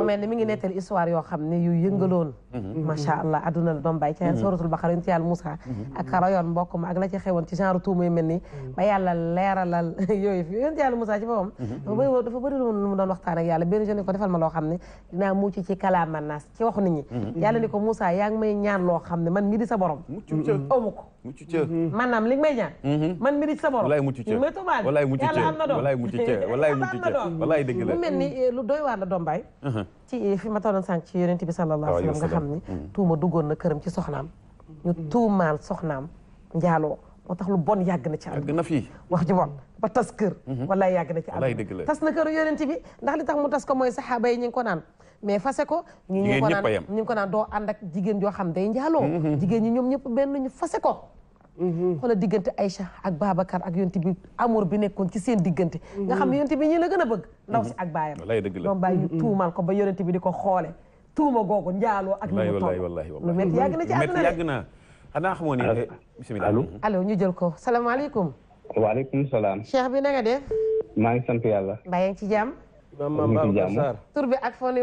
mel ni mi ngi nettali histoire yoo xam ne yu yëngaloon Mm-hmm. macha allah adduna doom bay ca suratul baqara yonent yàlla Moussa mm-hmm. ak rayoon mbokk ma ak la ci xewoon ci genre tuuma yu mel mm-hmm. ba yàlla leeralal yooyu fi yonent yàlla Moussa ci boppam dafa bëri dafa ma loo xam di sa borom di sa la eh, doom ci fi ma tolloon sànq ci yonent bi sallallahu alayhi wa sallam nga xam ni tuuma duggoon na këram ci soxnaam ñu mm. tuumaal soxnaam njaaloo moo tax lu bon yàgg na ci àll yàgg na fii wax ji bon ba tas kër mm-hmm. walaay yàgg na ci àll tas na këru yonent bi ndax li tax mu tas ko mooy saxaaba yi ñu ko naan mais fase ko ñu ko naan ñu ngi ko naan doo ànd ak jigéen joo xam day njaaloo mm-hmm. jigéen ñi ñoom ñëpp benn ñu fase ko Mm-hmm. xoolal diggante Aïcha ak Babacar ak yonti bi amour bi nekkoon ci seen diggante mm-hmm. nga xam ne yonti bi ñi la gën a bëgg ndaw si mm-hmm. ak baayam doom baay ko ba yonente bi di ko xoole tuuma googu njaaloo ak ñu mu toll lu na ci àdduna yàgg na xanaa xamoo ni eh, bismillah allo ñu jël ko salaamaaleykum waaleykum salaam bi na nga def maa ngi sant yàlla mbaa yaa ci jam tur bi ak foo ni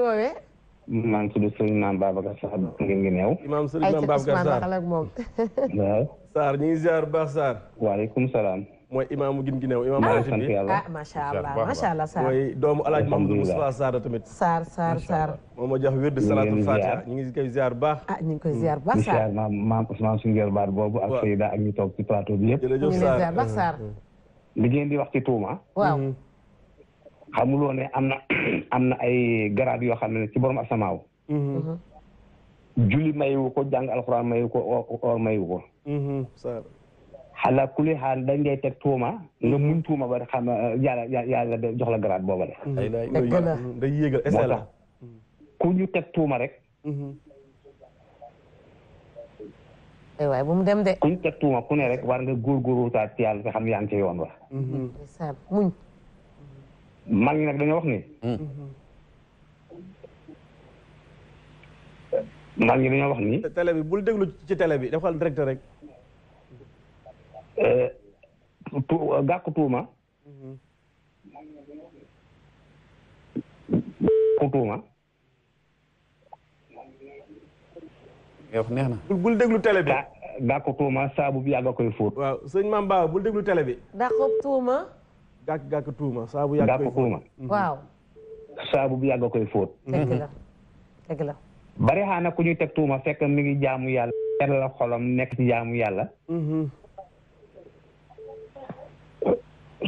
maa ngi tudd Serigne Mame Babacar Sarr ngeen ngi neew. imaam Serigne Mame Babacar Sarr ak moom. waaw. Sarr ñu ngi ziar baax Sarr. waaleykum salaam. mooy imaamu gin gi neew imaamu rajo bi ah macha allah macha allah Sarr. mooy doomu El Hadj Mamadou Moustapha Sarr tamit. Sarr Sarr Sarr. moom moo jox wér di salaatul fatiha ñu ngi koy ziar baax. ah ñu ngi koy ziar baax Sarr. ziar maam Ousmane suñu ziar baat boobu ak Seyda ak ñu toog ci plateau bi yëpp. jërëjëf Sarr ñu ngi ziar baax Sarr. li ngeen di wax ci tuuma. waaw. Mm-hmm. xamuloo ne am na am na ay garaat yoo xam ne ci borom asamaaw. Mm-hmm. Mm-hmm. julli mayiwu ko jàng alxuraan mayiwu ko or mayiwu ko. xala mm-hmm. kuli xaal dañ ngay teg tuuma nga mun tuuma ba xam uh, yàlla yàlla jox la garaat booba de. day yéegal moo teg tuuma rek. waaye de. ku ñu ku ne rek war nga góorgóorlu taat ci yàlla te xam yaa ci yoon wa. mag ñi nag dañoo wax ni. mag ñi dañoo wax ni. télé bi bul déglu ci tele bi defal direct rek. Euh, tu euh, gàkku tuuma. gàkku bul déglu télé bi. gàkku tuuma saabu bi yàgg a koy fóot. waaw sëñ Mame Ba bul déglu télé bi. gàkku tuuma. gàkk gàkk tuuma saabu yàgg koy mhm. saabu bu yàgg koy fóot dëgg la mhm. dëgg ku ñuy teg tuuma fekk mi ngi jaamu yàlla yàlla la xolam nekk ci jaamu yàlla mhm.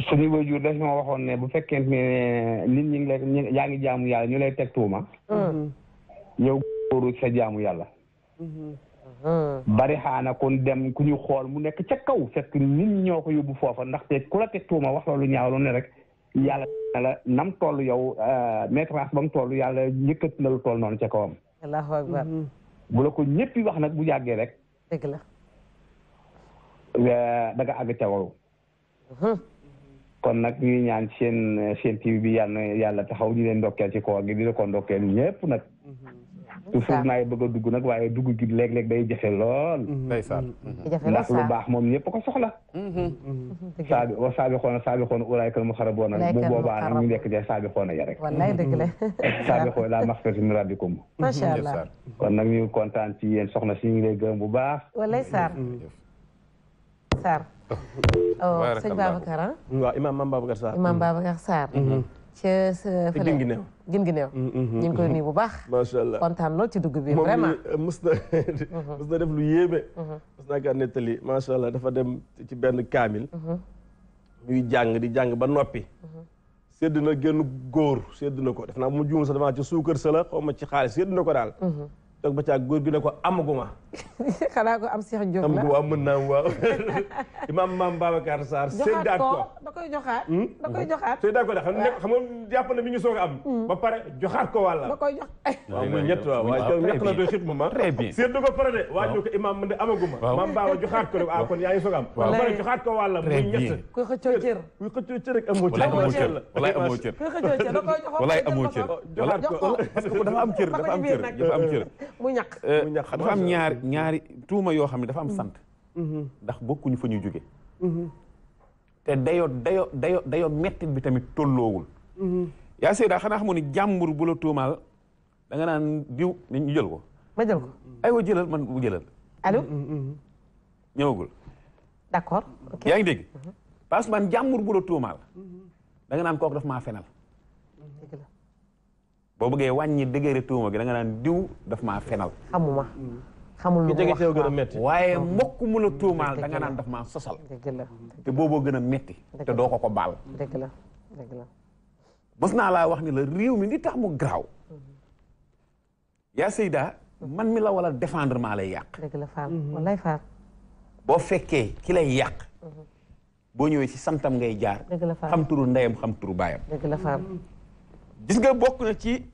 suñu waajur daf ma waxoon ne bu fekkee ne nit ñi ngi lay yaa ngi jaamu yàlla ñu lay teg tuuma yow góoru sa jaamu yàlla Hmm. bari xaana ku dem ku ñu xool mu nekk ca kaw fekk nit ñoo ko yóbbu foofa ndaxte ku la teg tuuma wax loolu ñaaw lu ne rek yàlla na la nam toll yow euh, maîtresse ba mu toll yàlla yëkkat na lu toll noonu ca kawam. allahu hmm. bu la ko ñëpp wax nag bu yàggee rek. dëgg la. Euh, da nga àgg ca waru hmm. kon nag ñuy ñaan seen seen TV bi yàlla yàlla taxaw ñu leen ndokkeel ci koor gi di la ko ndokkeel ñëpp nag. te suuf naay bëgg a dugg nag waaye dugg gi léeg-léeg day jafe lool. ndeysaan ndax lu baax moom ñëpp ko soxla. Mhm. saabi wa saabi xoona saabi xoona uraay kal mu xaraboona bu boobaa nag ñu nekk ca saabi xoona ya rek. wallaay dëgg la. saabi xoona laa maxfirati min rabbikum. macha allah kon nag ñu kontaan ci yéen soxna si ñu ngi lay gërëm bu baax. wallaay Sarr. Sarr. waaw oh, sëñ Babacar ah? imaam Babacar Sarr. ca fële gin gi néew gin gi néew koy nuyu bu baax macha allah kontaan lool ci dugg bi vraiment moom eh, mës na mhm. na def lu yéeme mhm. mës naa kaa nettali macha allah dafa dem ci benn kaamil ñuy mhm. jàng di jàng ba noppi sedd na genn góor sédd na ko def naa mu juum sax damaa ci suukar sa la xaw ma ci xaalis sédd na ko daal toog ba caa góor gi ne ko amaguma xanaa ko am Cheikh Diop la am waaw mën naa waaw imaam maam Babacar Sarr séddaat ko da koy joxaat hmm? da koy joxaat séddaat ko de xam nga jàpp na mi ngi soog a am hmm. ba pare joxaat ko wàlla da koy jox waaw muy ñett waaw waaw ñett na doy xib ma très bien sédd ko pare de waa ñu ko imaam mën de amaguma maam Baba joxaat ko de ah kon yaa ngi soog a am ba pare joxaat ko wàlla muy ñett kuy xëccoo cër kuy xëccoo cër rek amoo cër amoo cër walaay amoo cër kuy xëccoo cër da koy jox walaay amoo cër joxaat ko parce que dafa am cër dafa am cër dafa am cër mu ñàkk mu ñàkk euh, dafa am ñaar ñaari tuuma yoo xam ne dafa am sant ndax bokkuñu fa ñuy jóge te dayoo dayoo dayoo dayoo mettit bi tamit tolloowul yaa seeda xanaa xamoon ni jàmbur tuumaal da nga naan diw ñu jël ko ma ko aywa jëlal man bu jëlal allo ñëwagul d'accord yaa ngi dégg man jàmbur bu tuumaal da naan kooku daf maa fenal boo bëggee wàññi dëgëre tuuma gi danga naan diw daf ma fenal xamuma xamul lu ko wax gën a waaye mbokk mu la tuumaal da nga naan daf maa sosal te booboo gën a metti te doo ko ko baal dëgg la dëgg la mës naa laa wax ni la réew mi li tax mu garaaw mhm. yaa Seyda man mi la wala défendre maa lay yàq dëgg la faar mhm. wallaay boo fekkee ki lay yàq mhm. boo ñëwee ci santam ngay jaar xam turu ndeyam xam turu baayam dëgg la nga bokk na ci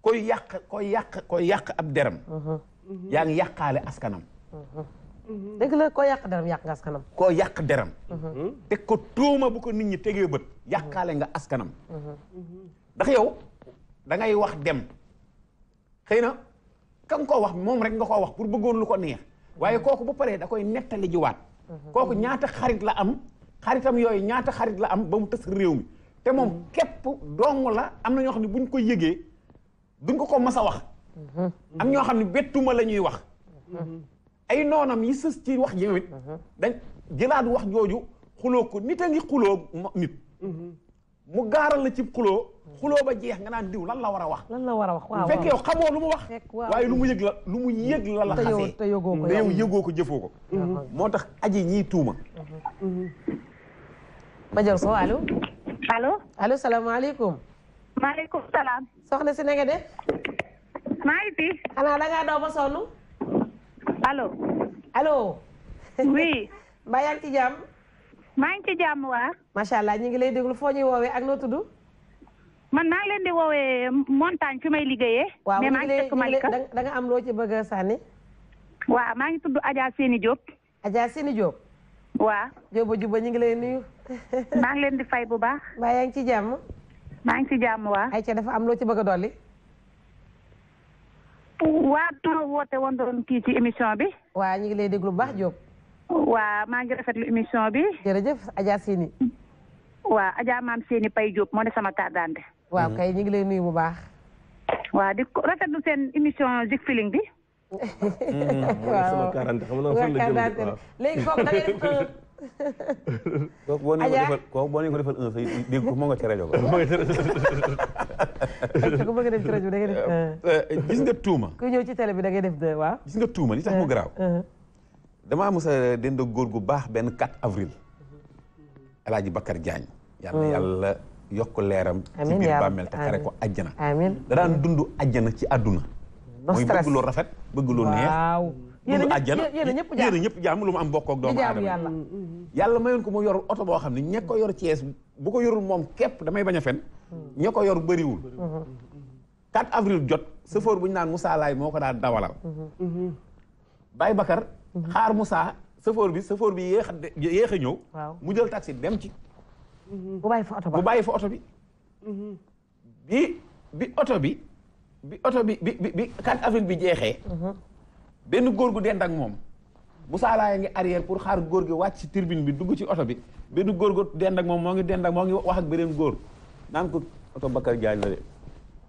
koy yàq koy yàq koy yàq ab deram Mm-hmm. yaa ngi yàqaale askanam. Mm-hmm. dëgg la ko yàq deram yàq nga askanam. koo yàq deram. Mm-hmm. teg ko tuuma bu ko nit ñi tegee bët. yàqaale nga askanam. ndax yow dangay wax dem xëy na ka nga koo wax moom rek nga koo wax pour bëggoon lu ko neex waaye kooku bu paree da koy nettali jiwaat. kooku ñaata xarit la am xaritam yooyu ñaata xarit la am ba mu tës réew mi te moom képp dong la am na ñoo xam ne buñ ko yëgee duñ ko ko mas a wax. am ñoo xam ne bettuma la ñuy wax ay noonam yi sës ci wax ji it dañ jëlaat wax jooju xuloo ko nit ngi xuloo mu gaaral la cib xuloo xuloo ba jeex nga naan diw lan la war a wax lan la war a wax waaw fekk yow xamoo lu mu wax waaye lu mu yëg lu mu yëg la la xasee te yow yëgoo ko jëfoo ko moo tax aji ñii tuuma Badior alo allo allo allo salaamaaleykum maaleykum salaam soxna si na nga def maa ngi fi. xanaa da ba sonn. alo allo. oui. mbaa yaa ngi ci jàmm. maa ngi ci jàmm waa. macha allah ñu ngi lay déglu foo ñuy woowee ak noo tudd. man naa leen di woowee montagne fi may liggéeyee. waaw mais maa ngi dëkk Malika da nga am loo ci bëgg a sànni. waaw maa ngi tudd ajaa Séni Diop. Adja seeni Diop. waaw. Diop juba ñu ngi lay nuyu. maa ngi leen di fay bu baa mbaa yaa ngi ci jàmm. maa ngi ci jàmm waa. ayca dafa am loo ci bëgg a dolli. waa dañoo woote woon kii ci émission bi. waa ñu ngi lay déglu bu baax Diop. waa maa ngi rafetlu émission bi. jërëjëf Adja Sini. waa Adja maam Sini Pay Diop moo ne sama tàddaande. waaw kay ñu ngi lay nuyu bu baax. waa di rafetlu seen émission Zik Feeling bi. waaw hmm, moo ne sama xam nga léegi foofu da ngay def euh, kooku boo nee ko defal kooku boo nee ko defal un sa ko moo nga ci rajo ba. moo nga ci rajo rajo da eh, gis nga tuuma. ku ñëw ci télé bi da ngay def de gis nga tuuma li tax mu garaaw. damaa mos a dend góor gu baax benn 4 avril. El Hadj Bakar Diagne. yàlla yàlla yokk leeram. ci biir bàmmeel te xare ko àjjana. amiin da daan dund àjjana ci àdduna. mooy bëgg lu rafet bëgg lu neex. dund àjjana a ñëpp jaam lu mu am bokk ak doomu aadama mm-hmm. yàlla mayoon ko mu yor oto boo xam ne ña ko yor Cees bu ko yorul moom képp damay bañ a fen mm-hmm. ña ko yor bëriwul 4 mm-hmm. avril jot sëfoor bu ñu naan Moussa moo ko daan dawalal Baye Bakar xaar Moussa sëfoor bi sëfoor bi yéex a yéex ñëw mu jël taxi dem ci bu bàyyi fa oto bu bàyyi fa oto bi bi bi oto bi bi oto bi bi bi 4 avril bi jeexee benn góor gu dend ak moom Moussa Laye ngi arrière pour xaar góor gi wàcc ci tirbine bi dugg ci oto bi benn góor gu dend moom moo ngi dend ak moo ngi wax ak beneen góor naan ko oto Bakar Diagne la de.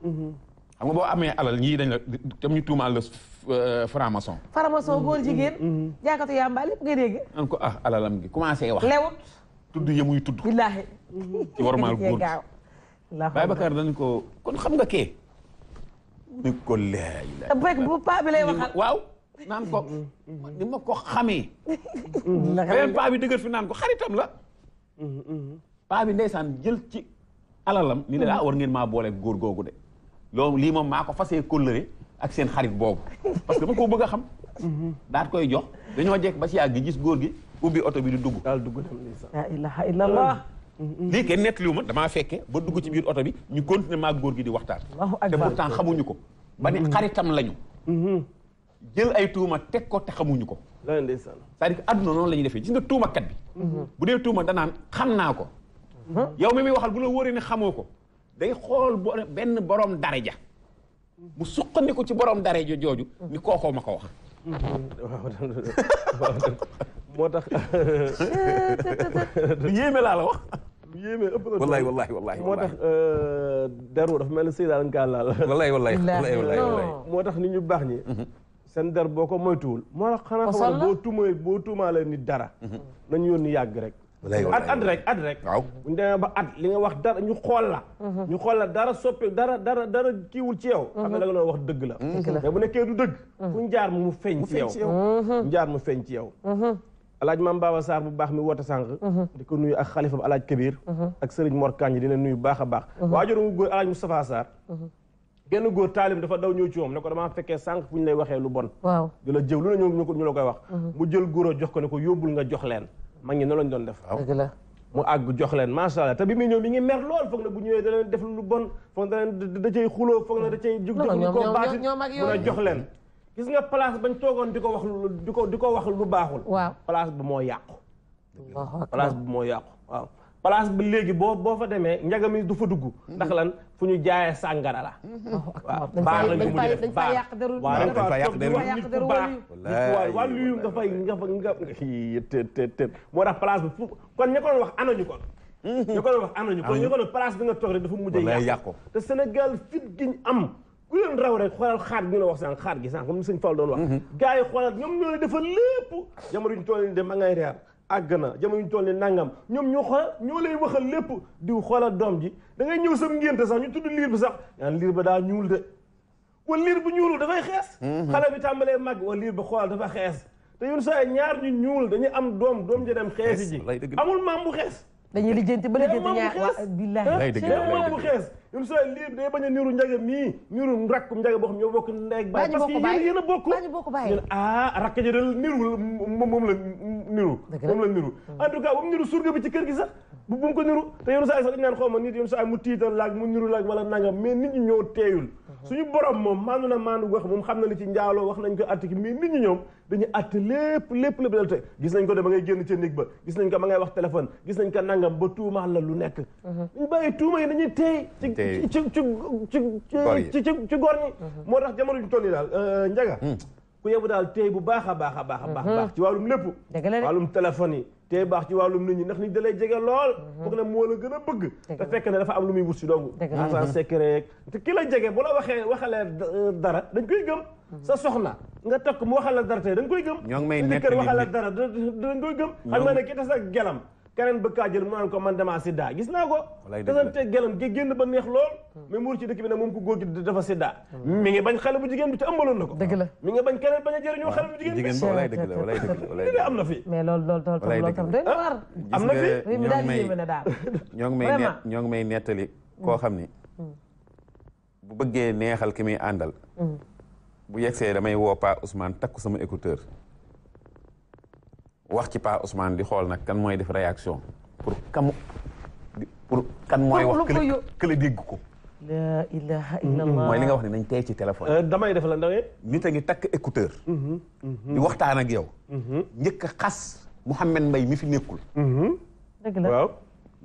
Mhm. xam nga boo amee alal ñii dañ la tam ñu tuumaal la euh, franc-maçon. franc-maçon mhm. góor jigéen. Mhm. jaakatu yàmba lépp ngay dégg. naan ko ah alalam gi commencé wax. lewut tudd yemuy tudd. billaahi. ci warmaal góor Baye Bakar dañ ko kon xam nga kee. ni ko laay. bu fekk bu paa bi lay waxal waaw. naan ko mm-hmm. Mm-hmm. ni ma ko xamee. beneen mm-hmm. paa bi dëgër fi naan ko xaritam la. paa bi ndeysaan jël ci alalam. ni la ah, war ngeen maa boole góor googu de. loolu lii moom maa ko fasee kóllëre ak seen xarit boobu parce que dama koo bëgg a xam. daat koy jox dañoo jekk ba si yàgg gis góor gi ubbi oto bi di dugg. daal dugg la ilaha illallah. lii kenn nettaliwu ma damaa fekke ba dugg ci biir oto bi ñu continuer maa góor gi di waxtaan. te pourtant xamuñu ko. ba ni xaritam lañu. jël ay tuuma teg ko te xamuñu ko c'est-à-dire que adduna noonu la ñuy defee gis nga tuumakat bi mhm. bu dee tuuma danaan xam naa ko mhm. yow mi muy waxal bu la wóoree ne xamoo ko day xool benn borom daraja mu suqandiku ci borom daraja jooju ni kookoo ma ko wax moo tax lu yéeme laa la wax na wallahi euh, mel ni sëy daal ngaa laal wallahi wallahi wallahi wallahi moo tax nit ñu baax ñi mhm. seen der boo ko moytuwul moo tax xanaa xam boo tuumee la tuumaalee nit dara mm-hmm. nañu yónni yàgg rek at at rek at rek waaw bu ñu ba at li nga wax dara ñu xool la mm-hmm. ñu xool la dara soppi dara dara dara kiiwul ci yow mm-hmm. xam ne la nga doon wax dëgg la mais bu nekkee du dëgg fu ñu mu feeñ ci yow ñu jaar mu feeñ ci yow alaaj maam Baba Sarr bu baax mi woote sànq di ko nuyu ak xalifa alaaj Kabir ak sëriñ Mor Kañ di leen nuyu baax a baax mu góor alaaj Moustapha Sarr genn góor taalim dafa daw ñëw ci moom ne ko damaa fekkee sànq fu ñu lay waxee lu bon waaw di la jëw lu ne ñu ko ñu la koy wax mhm. mu jël góor jox ko ne ko yóbbul nga jox leen mag ñi noonu lañ doon def mu àgg jox leen macha allah bi muy ñëw mi ngi mer lool foog na bu ñëwee da leen def lu bon foog na da cay xuloo foog na da cay jug jug ko baati mun a jox leen gis nga place bañ toogoon di ko wax di ko di ko wax lu baaxul place ba moo yàqu place ba moo yàqu waaw place ba léegi boo boo fa demee njagam yi du fa dugg mhm. ndax lan fu ñu jaayee sàngara la mhm. waaw baax na ñu mu def baax waaw dañ fa yàq deru nit ku baax waaw wàllu yu nga fay nga fa moo tax place bi kon ña ko wax anañu kon wax anañu kon ña ko doon mhm. nga toog dafa mujjee yàq ko te Sénégal fit giñ am ku leen raw rek xoolal xaar gi ñu la wax sànq xaar gi sànq comme ni sëñ Fall wax gars xoolal ñoom ñoo ne dafa lépp jamono ñu toll nii dem a ngay reer àgg na jamono ñu toll ni nangam ñoom ñoo xoolal ñoo lay waxal lépp diw xoolal doom ji da ngay ñëw sam ngénte sax ñu tudd liir bi sax naan liir ba daa ñuul de wala liir bu ñuulul dafay xees mhm. xale bi tàmbalee màgg wala liir ba xoolal dafa xees te yun saa ñaar ñu ñuul dañuy am doom doom ja dem xeesi ji amul maam bu xees dañuy lijjanti ba lijjanti ñaar billahi maam bu xees une fois lii day bañ a niru njage mii niru rakk njage boo xam ñoo bokk ndey ak baay parce que yéen yéen bokk ñeen ah rakk ji dal niru moom la niru moom la niru hmm. en tout cas bu mu niru surga bi ci kër gi sax bu mu ko niru te yenn sa yi sax dañ naan ma nit yenn saa yi mu tiital laag mu niru laag wala nangam mais nit ñi ñoo teeyul Uh-huh. suñu borom moom maandu na maandu wax moom xam na li ci njaaloo wax nañ ko àtte ki mais nit ñi ñoom dañu àtte lépp lépp lépp dal te gis nañ ko de ba ngay génn ca néeg ba gis nañ ko ba ngay wax téléphone gis nañ ko nangam ba tuumaal la lu nekk uh-huh. ñu bàyyi tuuma yi dañuy teey ci ci ci ci ci ci ñi uh-huh. moo tax jamono ñu toll nii daal euh, njaga hmm. ku yebu daal tey bu baax a baax a baax a baax mhm. ci wàllum lépp wàllum téléphone yi tey baax ci wàllum nit ñi ndax nit da lay jege lool mhm. foog ne moo la gën a bëgg te fekk ne dafa am lu muy wut si dong agent mhm. secret te ki la jege bu la waxee waxalee euh, dara dañ koy gëm sa soxna nga takk mu waxal la dara tey dañ koy gëm ñoo ngi may nekk kër waxal la dara dañ koy gëm xam nga ne ki tas ak gelam keneen ba kaa jël mu naan ko man damaa sidda gis naa ko tasante gelam gi génn ba neex lool mais muur ci dëkk bi nag moom ko góor gi dafa sidda hmm. mi ngi bañ xale bu jigéen bi te ëmbaloon na ko dëgg la mi ngi bañ keneen a jëriñoo xale bu jigéen bi walaay la walaay dëgg la am na fi mais loolu loolu tam loolu tam doy na war am na fi ñoo ngi may ñoo ngi may nettali koo xam ni hmm. bu bëggee neexal ki muy àndal hmm. bu yegsee damay woo Pa Ousmane takku sama écouteur wax ci Pa Ousmane di xool nag kan mooy def réaction pour kamu pour kan mooy wax kële dégg ko. la ilaha mm-hmm. mooy li nga wax ne nañ tey ci téléphone. Euh, damay def la ndawee. nit a ngi takk écouteur. Mm-hmm. Mm-hmm. di waxtaan ak yow. njëkk a xas Mouhamed mbay mi fi nekkul. dëgg la waaw.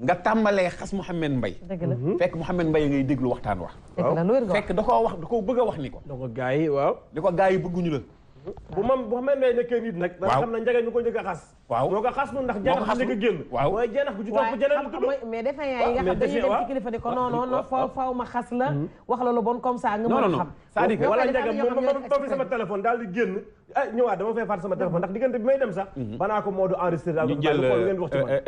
nga tàmbalee xas Mouhamed Mbaye. dëgg la fekk Mouhamed mbay ngay déglu waxtaan wax. dëgg la fekk da koo wax da koo bëgg wax ni ko. da ko gaa yi waaw. ni ko gaa yi bëgguñu la. bu mam bu xamee ne nekkee nit nag da xam ne njage ñu ko njëkk a xas waaw moo ko xas nu ndax janax bu njëkk a génn waaw waaye janax bu ci topp jeneen bu tudd mais defe yaa yi nga xam dañuy dem ci kilifa ne ko non non non faw faw ma xas la mm-hmm. wax la lu bon comme ça nga mën a xam c'est-à-dire wala njaga moom ba fi sama téléphone daal di génn ah ñëwaat dama fay faat sama téléphone ndax diggante bi may dem sax mhm. banaa ko moo du enregistré daal ñu euh,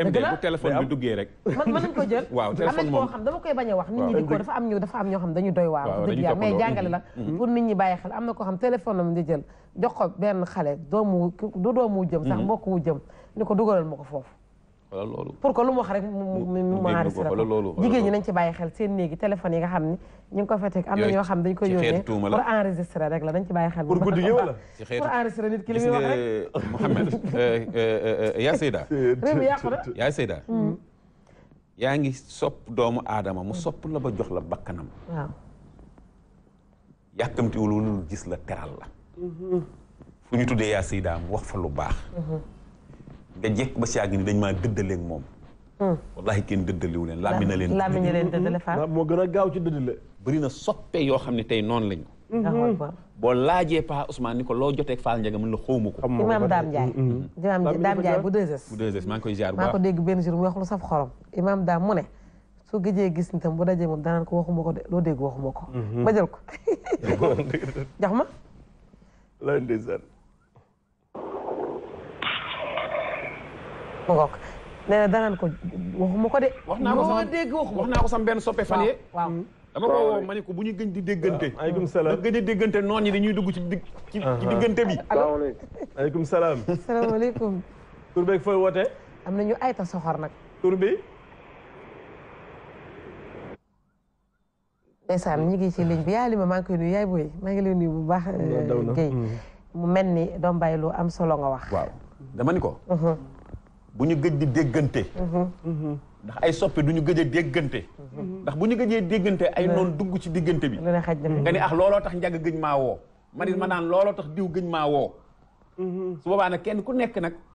euh, duggee rek man mën ko jël waaw téléphone moom koo xam koy bañ wax nit ñi di am ñu dafa am ñoo xam dañu doy waaw dëgg yàlla mais jàngale la mhm. pour nit ñi bàyyi xel am na koo xam téléphone am di jël jox ko benn xale doomu du doomu jëm sax mhm. mbokk wu jëm ni ko dugalal ma ko foofu wala loolu pour que lu mu wax rek mu maarisi la jigéen ñi nañ ci bàyyi xel seen néegi téléphone yi nga xam ni ñu ngi ko fa teg am na xam dañ koy yónnee pour enregistrer rek la dañ ci bàyyi xel pour guddi gi wala pour enregistrer nit ki li muy wax rek euh, Mouhamed euh, euh, hmm. yaa Seyda ngi sopp doomu aadama mu sopp la ba jox la bakkanam waaw yàkkamtiwul lu gis la teral la hmm. fu ñu tuddee yaa Seyda mu wax fa lu baax hmm. nga jekk ba si àgg ni dañ maa dëddaleeg moom. Hmm. wallahi kenn dëddalewu leen laaj bi na leen. laaj bi na leen hmm. dëddale faa. moo gën a gaaw ci dëddale. bëri na soppe yoo xam ne tey noonu lañu. Hmm. boo laajee Pa Ousmane ni ko loo jotee Fall Ndiaga mën la xawma ko imaam Dame Ndiaye imaam Dame Ndiaye bu deux heures ko dégg benn jour mu wax lu saf xorom imaam Dame mu ne su gëjee gis ni tam bu dajee moom danaan ko waxuma ko de loo dégg waxuma ko ma jël ko jox ma mu ngoog nee danaan ko waxuma ko de. wax naa ko dégg wax ko sama benn soppe fan yee. waaw dama ko ko bu ñu gën di déggante. aleykum ah, salaam gën di déggante noon ñi dugg ci dig ci diggante bi. aleykum salaam. am nañu ayta soxor nag. tur bi. ngi ci ligne bi yaa li ma maa maa ngi lay nuyu bu baax. Mm-hmm. mu mel ni doom bàyyi lu am solo nga wax. dama ni ko. Mm-hmm. bu ñu gëj di déggante. ndax ay soppe du ñu gëj a déggante. ndax bu ñu gëjee déggante ay noon dugg ci diggante bi. nga ni ah looloo tax njagg gëj maa woo. man it ma naan looloo tax diw gëj ma woo. Mm-hmm. su boobaa nag kenn ku nekk nag.